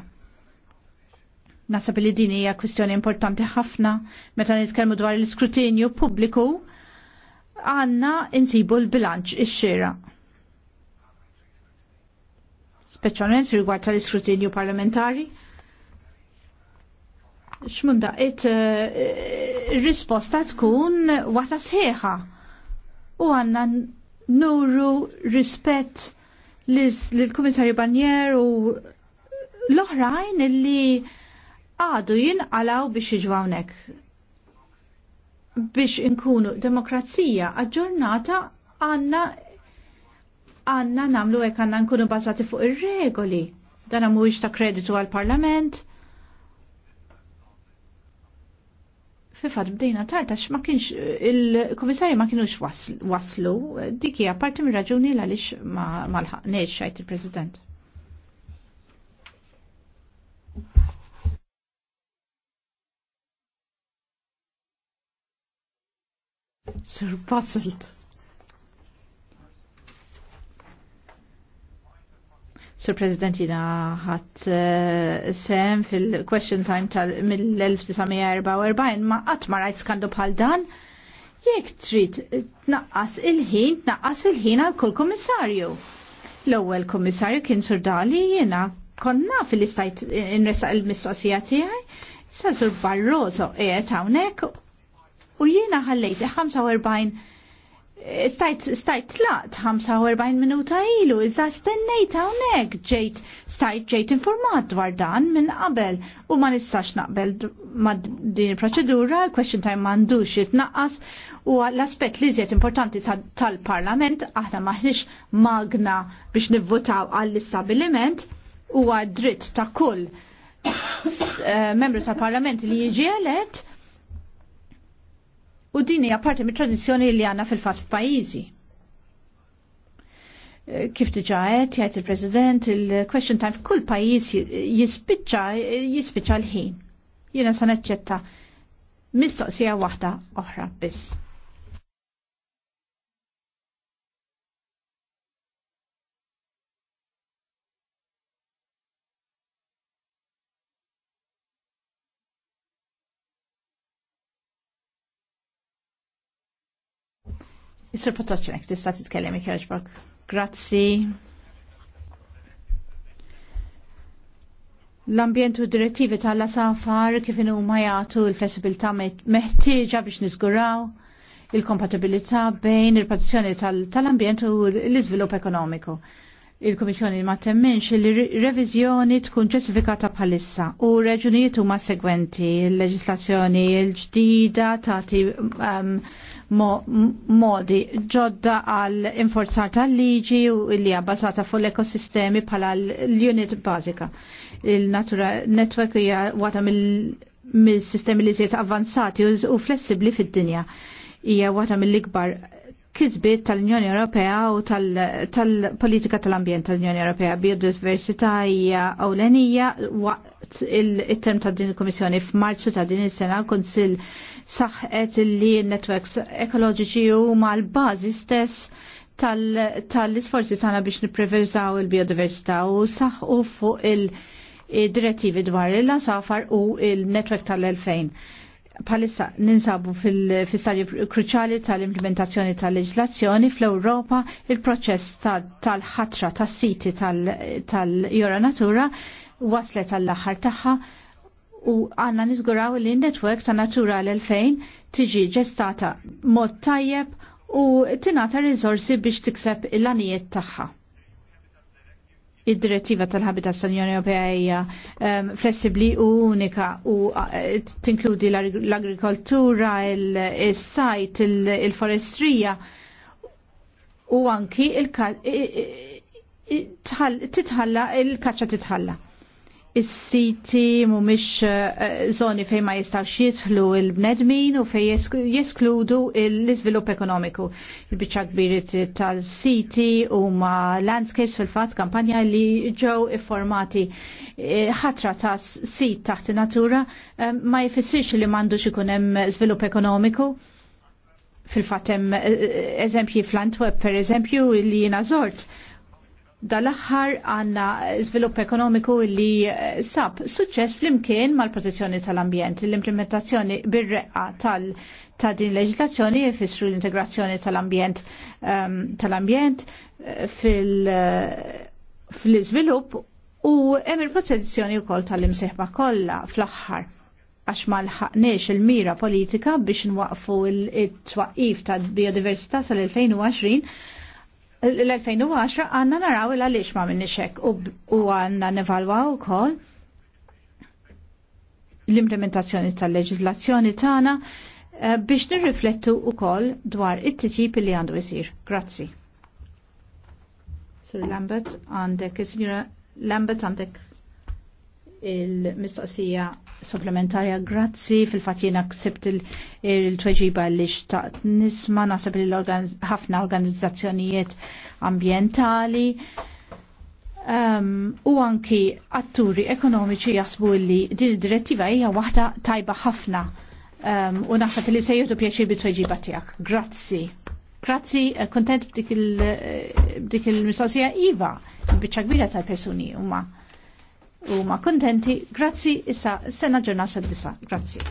Nasab li din hija kwistjoni importanti ħafna meta nitkellmu dwar l-iskrutinju pubbliku għandna insibu l-bilanċ ix-xira. Speċjalment fil-rigward tal-iskrutinju parlamentari, xmunda, it eh, risposta tkun wata sħiħa. U għanna nuru rispett l-Komissarju Banjer u l-oħrajn illi għadu jinqalaw biex iġwawnek biex inkunu demokrazija aġġornata għanna għanna namlu għek għanna nkunu bazati fuq ir-regoli. Dan mhuwiex ta' kreditu għal-parlament, fat bdejna tartax ma kienx il-komissarji ma kienux waslu, dik hija parti mir raġuni l għaliex ma lħaqniex xajt il-President. Sir puzzled. Sir President jina ħat eh, sem fil-question time tal mill-1944 ma qatt ma rajt skandu bħal dan. Jekk trid tnaqqas il-ħin, naqqas il-ħin għal kull kummissarju. L-ewwel kummissarju kien Sur Dali jiena konna fil-istajt inresa il-mistoqsija tiegħi. Sa Sur Barroso qiegħed hawnhekk u jiena ħallejt 45 stajt, stajt laqt 45 minuta ilu, iżda stennejt hawnhekk ġejt stajt ġejt informat dwar dan minn qabel u ma nistax naqbel ma din il-proċedura, question time m'għandux jitnaqqas u l-aspett li żiet importanti tal-Parlament aħna maħnix magna biex nivvotaw għall-istabiliment huwa dritt ta' kull eh, membru tal-Parlament li jiġi elett u din hija parti mit-tradizzjoni li għandna fil-fatt f'pajjiżi. Eh, kif diġà qed jgħid il-President il-question time f'kull pajjiż jispiċċa jispiċċa l-ħin. Jiena sa naċċetta mistoqsija waħda oħra biss. Isir Potoċnek, tista' titkellem ikjaġbok. Grazzi. L-ambjent u direttivi tal-asafar kif huma jagħtu l-flessibilità meħtieġa biex niżguraw il-kompatibilità bejn il pozizjoni tal-ambjent u l-iżvilupp ekonomiku il-Komissjoni ma temmenx li revizjoni tkun ġustifikata bħalissa u reġunijiet huma segwenti il-leġislazzjoni l-ġdida tagħti um, modi ġodda għal inforzar tal-liġi u li hija fuq l-ekosistemi bħala l-unit bażika. Il-Natura Network hija waħda mill-sistemi li żiet avvanzati u flessibli fid-dinja. Hija waħda mill-ikbar kisbiet tal-Unjoni Ewropea u tal-politika tal-ambjent tal-Unjoni Ewropea biodiversità hija ewlenija waqt il-term ta' din il-Kummissjoni f'Marzu ta' din is-sena kunsill saħqet li n-netwerks ekoloġiċi huma l-bażi stess tal-isforzi tagħna biex nippreverżaw il-biodiversità u u fuq il-direttivi dwar il-lasafar u il-netwerk tal-2000 palissa ninsabu fil-stadju kruċali tal-implementazzjoni tal-leġlazzjoni fl-Europa il-proċess tal-ħatra tas siti tal-Jura Natura waslet għall axar taħħa u għanna nizguraw li n-network ta' Natura l-2000 tiġi ġestata mod tajjeb u tinata rizorsi biex tikseb il-lanijiet taħħa id-direttiva tal-Habitat tal-Unjoni Ewropea hija um, flessibbli u unika u uh, tinkludi l-agrikoltura, il-sajt, il-forestrija u anki il-titħalla il-kaċċa titħalla is-siti mhumiex żoni eh, fejn ma jistax jidħlu l-bnedmin u fejn jeskludu l-iżvilupp ekonomiku. Il-biċċa kbirit tal-siti huma landscapes fil-fatt kampanja li ġew ifformati eh, ħatra ta' sit taħt natura eh, ma jfissirx li m'għandux ikun hemm żvilupp ekonomiku fil-fatt hemm eżempji fl-Antwerp per eżempju li jiena żort dal-aħħar għanna svilupp ekonomiku li eh, sab suċċess flimkien mal-protezzjoni tal-ambjent. L-implementazzjoni bir-reqqa tal- ta' din leġislazzjoni jfissru l-integrazzjoni tal-ambjent um, tal-ambjent eh, fil- eh, fil u hemm il-protezzjoni wkoll tal-imsieħba kollha fl-aħħar għax ma lħaqniex il-mira politika biex nwaqfu il-twaqif ta' biodiversità sal-2020 l-2010 għanna naraw il għalix ma minni xek u għanna nevalwaw kol l-implementazzjoni tal-leġizlazzjoni tana eh, biex nirriflettu u kol dwar it-titjib li għandu jisir. Grazzi. Sir Lambert, għandek, Signora Lambert, għandek il-mistoqsija supplementarja, grazzi fil-fat jena ksibt il-tweġiba li xtaqt nisma nasab li ħafna organizzazzjonijiet ambientali um, u anki atturi ekonomiċi jasbu li din direttiva hija waħda tajba ħafna um, u naħseb li sejħdu pjaċi pjaċir bit-tweġiba tiegħek. Grazzi. Grazzi, eh, kontent b'dik il-mistoqsija Iva, biċċa kbira tal personi huma huma kontenti. Grazzi, issa sena ġurnata disa. Grazzi.